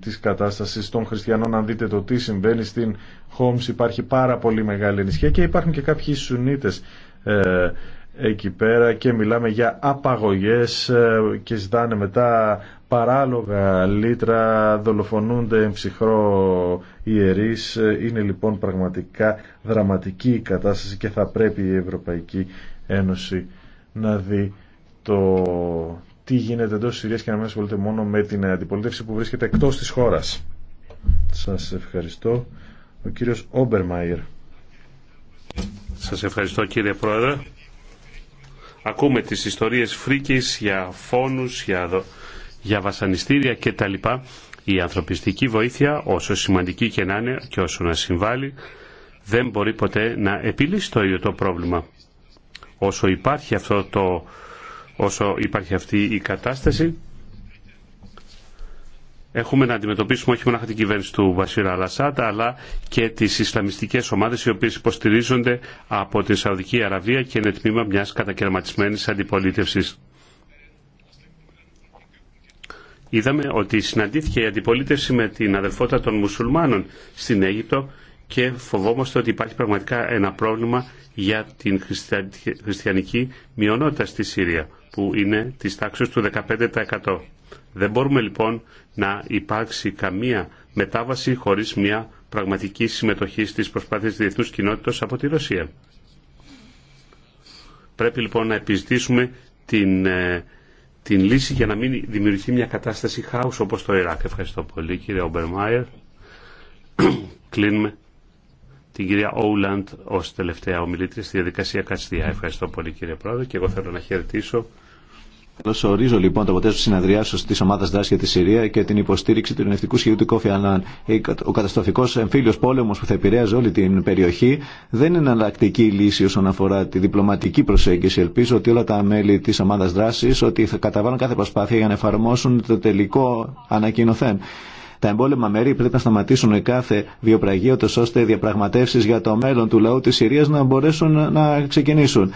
Speaker 5: της κατάστασης των χριστιανών. Αν δείτε το τι συμβαίνει στην Χόμς υπάρχει πάρα πολύ μεγάλη ενισχύα και υπάρχουν και κάποιοι Σουνίτες ε, εκεί πέρα και μιλάμε για απαγωγές ε, και ζητάνε μετά παράλογα λίτρα, δολοφονούνται ψυχρό ιερείς. Είναι λοιπόν πραγματικά δραματική η κατάσταση και θα πρέπει η Ευρωπαϊκή Ένωση να δει το τι γίνεται εντός της Συρίας και να μην ασχολείται μόνο με την αντιπολίτευση που βρίσκεται εκτός της χώρας. Σας ευχαριστώ. Ο κύριος Όμπερμαϊρ.
Speaker 2: Σας ευχαριστώ κύριε Πρόεδρε ακούμε τις ιστορίες φρίκης για φόνους, για, για βασανιστήρια κτλ. Η ανθρωπιστική βοήθεια, όσο σημαντική και να είναι και όσο να συμβάλλει, δεν μπορεί ποτέ να επιλύσει το ίδιο το πρόβλημα. Όσο υπάρχει, αυτό το, όσο υπάρχει αυτή η κατάσταση, έχουμε να αντιμετωπίσουμε όχι μόνο την κυβέρνηση του Βασίρα Αλασάτα, αλλά και τι Ισλαμιστικές ομάδε, οι οποίε υποστηρίζονται από την Σαουδική Αραβία και είναι τμήμα μια κατακαιρματισμένη αντιπολίτευση. Είδαμε ότι συναντήθηκε η αντιπολίτευση με την αδελφότητα των μουσουλμάνων στην Αίγυπτο και φοβόμαστε ότι υπάρχει πραγματικά ένα πρόβλημα για την χριστιανική μειονότητα στη Συρία, που είναι της τάξης του 15%. Δεν μπορούμε λοιπόν να υπάρξει καμία μετάβαση χωρίς μια πραγματική συμμετοχή στις προσπάθειες της διεθνούς κοινότητας από τη Ρωσία. Πρέπει λοιπόν να επιζητήσουμε την, ε, την λύση για να μην δημιουργηθεί μια κατάσταση χάους όπως το Ιράκ. Ευχαριστώ πολύ κύριε Ομπερμάιερ. Κλείνουμε την κυρία Όουλαντ ως τελευταία ομιλήτρια στη διαδικασία Κατσδία. Ευχαριστώ πολύ κύριε Πρόεδρε και εγώ θέλω να χαιρετήσω
Speaker 4: Καλωσορίζω λοιπόν το αποτέλεσμα τη συνεδριάσεω τη ομάδα δράση για τη Συρία και την υποστήριξη του ειρηνευτικού σχεδίου του Κόφια Ανάν. Ο καταστροφικό εμφύλιο πόλεμο που θα επηρέαζε όλη την περιοχή δεν είναι εναλλακτική λύση όσον αφορά τη διπλωματική προσέγγιση. Ελπίζω ότι όλα τα μέλη τη ομάδα δράση ότι θα καταβάλουν κάθε προσπάθεια για να εφαρμόσουν το τελικό ανακοινωθέν. Τα εμπόλεμα μέρη πρέπει να σταματήσουν κάθε βιοπραγία, ώστε διαπραγματεύσει για το μέλλον του λαού τη Συρία να μπορέσουν να ξεκινήσουν.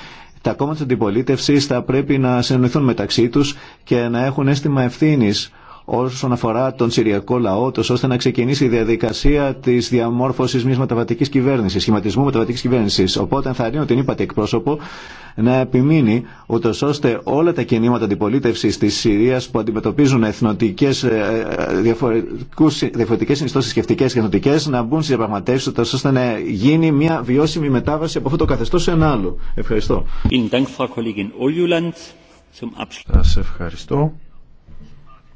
Speaker 4: Τα κόμματα της αντιπολίτευσης θα πρέπει να συνεννοηθούν μεταξύ τους και να έχουν αίσθημα ευθύνης όσον αφορά τον Συριακό λαό, τόσο ώστε να ξεκινήσει η διαδικασία τη διαμόρφωση μια μεταβατική κυβέρνηση, σχηματισμού μεταβατική κυβέρνηση. Οπότε θα αρνείω την είπατε εκπρόσωπο να επιμείνει, ούτω ώστε όλα τα κινήματα αντιπολίτευση τη Συρία που αντιμετωπίζουν εθνοτικέ, ε, ε, διαφορετικέ συνιστώσει σκεφτικέ και εθνοτικέ, να μπουν στι διαπραγματεύσει, ούτω ώστε να γίνει μια βιώσιμη μετάβαση από αυτό το καθεστώ σε ένα άλλο. Ευχαριστώ.
Speaker 3: ευχαριστώ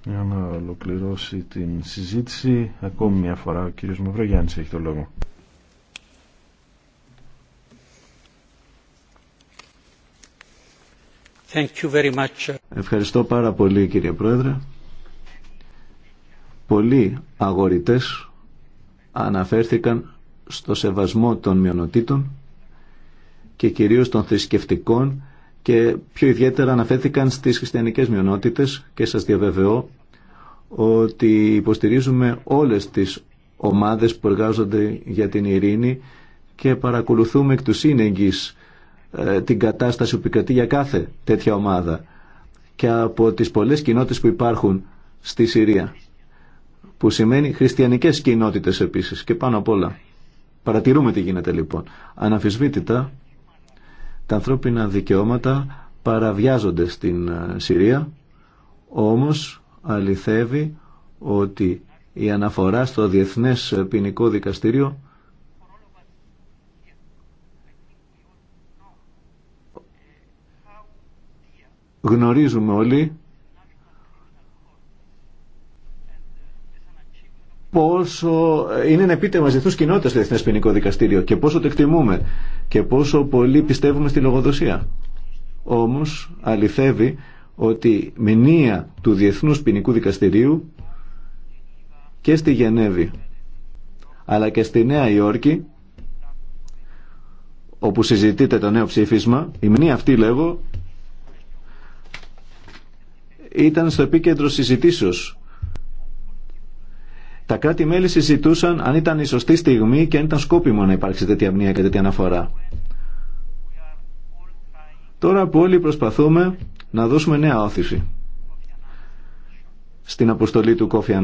Speaker 3: για να ολοκληρώσει
Speaker 5: την συζήτηση ακόμη μια φορά ο κύριος Μαυρογιάννης έχει το λόγο
Speaker 1: Thank
Speaker 4: Ευχαριστώ πάρα πολύ κύριε Πρόεδρε Πολλοί αγορητές αναφέρθηκαν στο σεβασμό των μειονοτήτων και κυρίως των θρησκευτικών και πιο ιδιαίτερα αναφέρθηκαν στις χριστιανικές μειονότητες και σας διαβεβαιώ ότι υποστηρίζουμε όλες τις ομάδες που εργάζονται για την ειρήνη και παρακολουθούμε εκ του σύνεγγυς ε, την κατάσταση που επικρατεί για κάθε τέτοια ομάδα και από τις πολλές κοινότητες που υπάρχουν στη Συρία που σημαίνει χριστιανικές κοινότητες επίσης και πάνω απ' όλα. Παρατηρούμε τι γίνεται λοιπόν. αναφισβήτητα τα ανθρώπινα δικαιώματα παραβιάζονται στην ε, Συρία, όμως αληθεύει ότι η αναφορά στο Διεθνές Ποινικό Δικαστήριο γνωρίζουμε όλοι πόσο είναι ένα επίτευγμα διεθνού κοινότητα στο Διεθνέ Ποινικό Δικαστήριο και πόσο το εκτιμούμε και πόσο πολύ πιστεύουμε στη λογοδοσία. Όμως αληθεύει ότι μηνύα του Διεθνού Ποινικού Δικαστηρίου και στη Γενέβη αλλά και στη Νέα Υόρκη όπου συζητείται το νέο ψήφισμα η μηνύα αυτή λέγω ήταν στο επίκεντρο συζητήσεως τα κράτη-μέλη συζητούσαν αν ήταν η σωστή στιγμή και αν ήταν σκόπιμο να υπάρξει τέτοια μνήμα και τέτοια αναφορά. Τώρα που όλοι προσπαθούμε να δώσουμε νέα όθηση στην αποστολή του Κόφι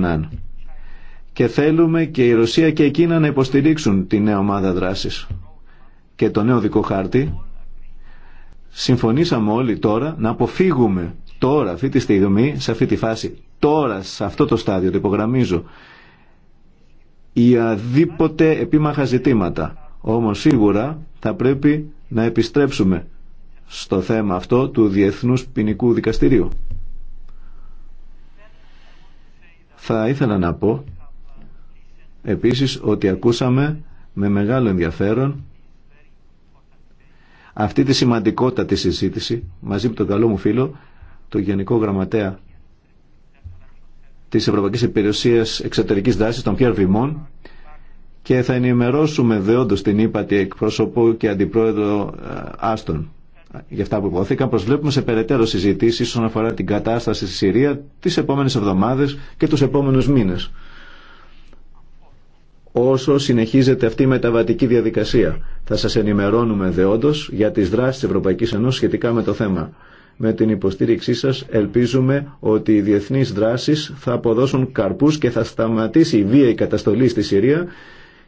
Speaker 4: Και θέλουμε και η Ρωσία και η Κίνα να υποστηρίξουν τη νέα ομάδα δράσης και το νέο δικό χάρτη. Συμφωνήσαμε όλοι τώρα να αποφύγουμε τώρα, αυτή τη στιγμή, σε αυτή τη φάση, τώρα, σε αυτό το στάδιο, το υπογραμμίζω, ή αδίποτε επίμαχα ζητήματα. Όμως σίγουρα θα πρέπει να επιστρέψουμε στο θέμα αυτό του Διεθνούς Ποινικού Δικαστηρίου. Θα ήθελα να πω επίσης ότι ακούσαμε με μεγάλο ενδιαφέρον αυτή τη σημαντικότητα της συζήτηση μαζί με τον καλό μου φίλο, τον Γενικό Γραμματέα τη Ευρωπαϊκή Υπηρεσία εξωτερική Δράσης, τον Πιέρ Βημών, και θα ενημερώσουμε δεόντως την ύπατη εκπρόσωπο και αντιπρόεδρο ε, Άστον. Για αυτά που υποθήκαν, προσβλέπουμε σε περαιτέρω συζητήσει όσον αφορά την κατάσταση στη Συρία τι επόμενε εβδομάδε και του επόμενου μήνε. Όσο συνεχίζεται αυτή η μεταβατική διαδικασία, θα σα ενημερώνουμε δεόντω για τι δράσει τη Ευρωπαϊκή Ενώση σχετικά με το θέμα. Με την υποστήριξή σας ελπίζουμε ότι οι διεθνείς δράσεις θα αποδώσουν καρπούς και θα σταματήσει η βία η καταστολή στη Συρία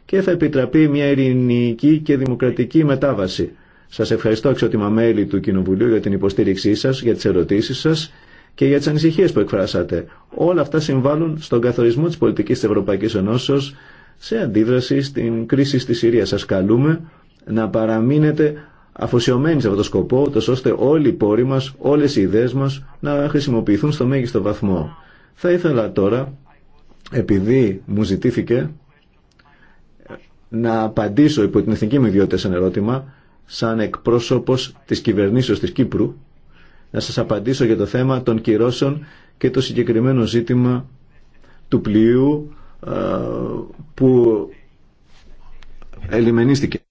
Speaker 4: και θα επιτραπεί μια ειρηνική και δημοκρατική μετάβαση. Σας ευχαριστώ αξιότιμα μέλη του Κοινοβουλίου για την υποστήριξή σας, για τις ερωτήσεις σας και για τις ανησυχίες που εκφράσατε. Όλα αυτά συμβάλλουν στον καθορισμό της πολιτικής της Ευρωπαϊκής Ενώσεως σε αντίδραση στην κρίση στη Συρία. Σας καλούμε να παραμείνετε αφοσιωμένοι σε αυτό το σκοπό, ώστε όλοι οι πόροι μας, όλες οι ιδέες μας να χρησιμοποιηθούν στο μέγιστο βαθμό. Θα ήθελα τώρα, επειδή μου ζητήθηκε, να απαντήσω υπό την εθνική μου ιδιότητα σε ερώτημα, σαν εκπρόσωπος της κυβερνήσεως της Κύπρου, να σας απαντήσω για το θέμα των κυρώσεων και το συγκεκριμένο ζήτημα του πλοίου ε, που ελιμενίστηκε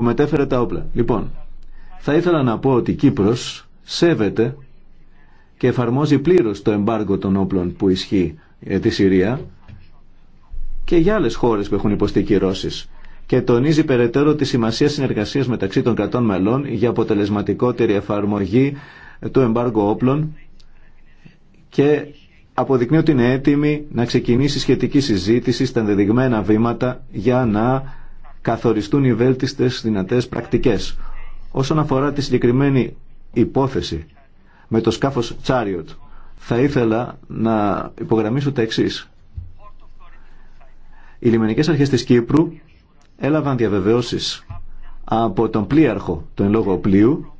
Speaker 4: που μετέφερε τα όπλα. Λοιπόν, θα ήθελα να πω ότι η Κύπρος σέβεται και εφαρμόζει πλήρως το εμπάργκο των όπλων που ισχύει ε, τη Συρία και για άλλες χώρες που έχουν υποστεί κυρώσεις και τονίζει περαιτέρω τη σημασία συνεργασίας μεταξύ των κρατών μελών για αποτελεσματικότερη εφαρμογή ε, του εμπάργου όπλων και αποδεικνύει ότι είναι έτοιμη να ξεκινήσει σχετική συζήτηση στα ενδεδειγμένα βήματα για να καθοριστούν οι βέλτιστες δυνατές πρακτικές. Όσον αφορά τη συγκεκριμένη υπόθεση με το σκάφος Chariot, θα ήθελα να υπογραμμίσω τα εξής. Οι λιμενικές αρχές της Κύπρου έλαβαν διαβεβαιώσεις από τον πλοίαρχο του εν λόγω πλοίου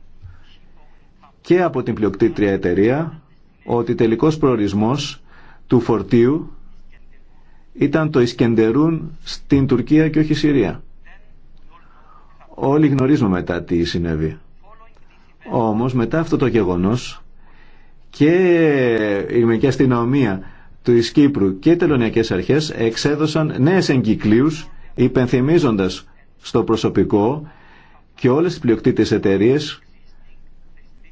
Speaker 4: και από την πλειοκτήτρια εταιρεία ότι τελικός προορισμός του φορτίου ήταν το Ισκεντερούν στην Τουρκία και όχι Συρία. Όλοι γνωρίζουμε μετά τι συνέβη. Όμως μετά αυτό το γεγονός και η μερική αστυνομία του Ισκύπρου και οι τελωνιακές αρχές εξέδωσαν νέες εγκυκλίους υπενθυμίζοντας στο προσωπικό και όλες τις πλειοκτήτες εταιρείε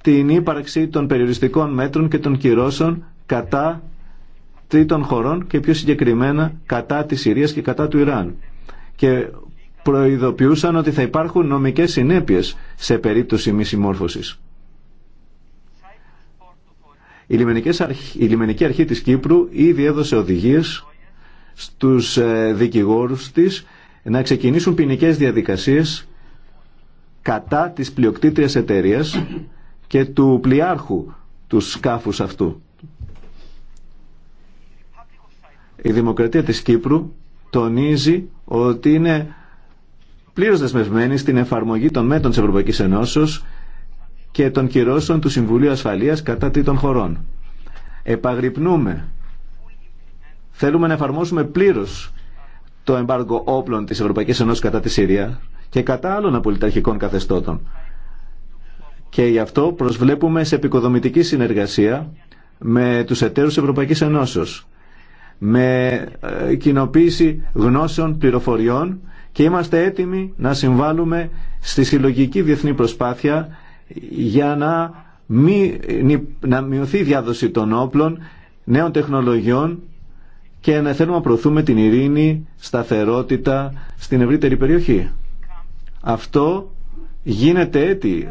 Speaker 4: την ύπαρξη των περιοριστικών μέτρων και των κυρώσεων κατά τρίτων χωρών και πιο συγκεκριμένα κατά της Συρίας και κατά του Ιράν. Και προειδοποιούσαν ότι θα υπάρχουν νομικές συνέπειες σε περίπτωση μη συμμόρφωσης. Η λιμενική αρχή της Κύπρου ήδη έδωσε οδηγίες στους ε, δικηγόρους της να ξεκινήσουν ποινικέ διαδικασίες κατά της πλειοκτήτριας εταιρεία και του πλειάρχου του σκάφους αυτού. Η Δημοκρατία της Κύπρου τονίζει ότι είναι πλήρω δεσμευμένη στην εφαρμογή των μέτρων τη Ευρωπαϊκή Ενώσεω και των κυρώσεων του Συμβουλίου Ασφαλεία κατά τρίτων χωρών. Επαγρυπνούμε. Θέλουμε να εφαρμόσουμε πλήρω το εμπάργκο όπλων τη Ευρωπαϊκή Ενώσεω κατά τη Συρία και κατά άλλων απολυταρχικών καθεστώτων. Και γι' αυτό προσβλέπουμε σε επικοδομητική συνεργασία με τους εταίρους της Ευρωπαϊκής με ε, κοινοποίηση γνώσεων, πληροφοριών και είμαστε έτοιμοι να συμβάλλουμε στη συλλογική διεθνή προσπάθεια για να, μη, να μειωθεί η διάδοση των όπλων, νέων τεχνολογιών και να θέλουμε να προωθούμε την ειρήνη, σταθερότητα στην ευρύτερη περιοχή. Αυτό γίνεται έτσι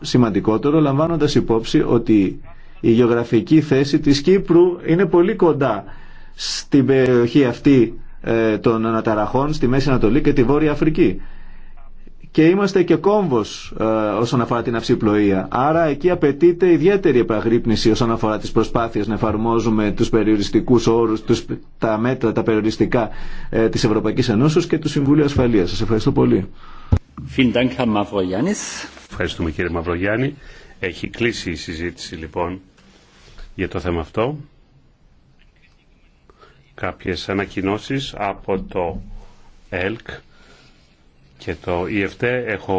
Speaker 4: σημαντικότερο λαμβάνοντας υπόψη ότι η γεωγραφική θέση της Κύπρου είναι πολύ κοντά στην περιοχή αυτή ε, των αναταραχών στη Μέση Ανατολή και τη Βόρεια Αφρική. Και είμαστε και κόμβος ε, όσον αφορά την αυσιπλοεία. Άρα εκεί απαιτείται ιδιαίτερη επαγρύπνηση όσον αφορά τις προσπάθειες να εφαρμόζουμε τους περιοριστικούς όρους, τα μέτρα, τα περιοριστικά ε, της Ευρωπαϊκής Ενώσεως και του Συμβουλίου Ασφαλείας. Σας ευχαριστώ πολύ.
Speaker 3: Ευχαριστούμε κύριε
Speaker 2: Μαυρογιάννη. Έχει κλείσει η συζήτηση λοιπόν για το θέμα αυτό κάποιες ανακοινώσεις από το ΕΛΚ και το ΙΕΦΤΕ. Έχω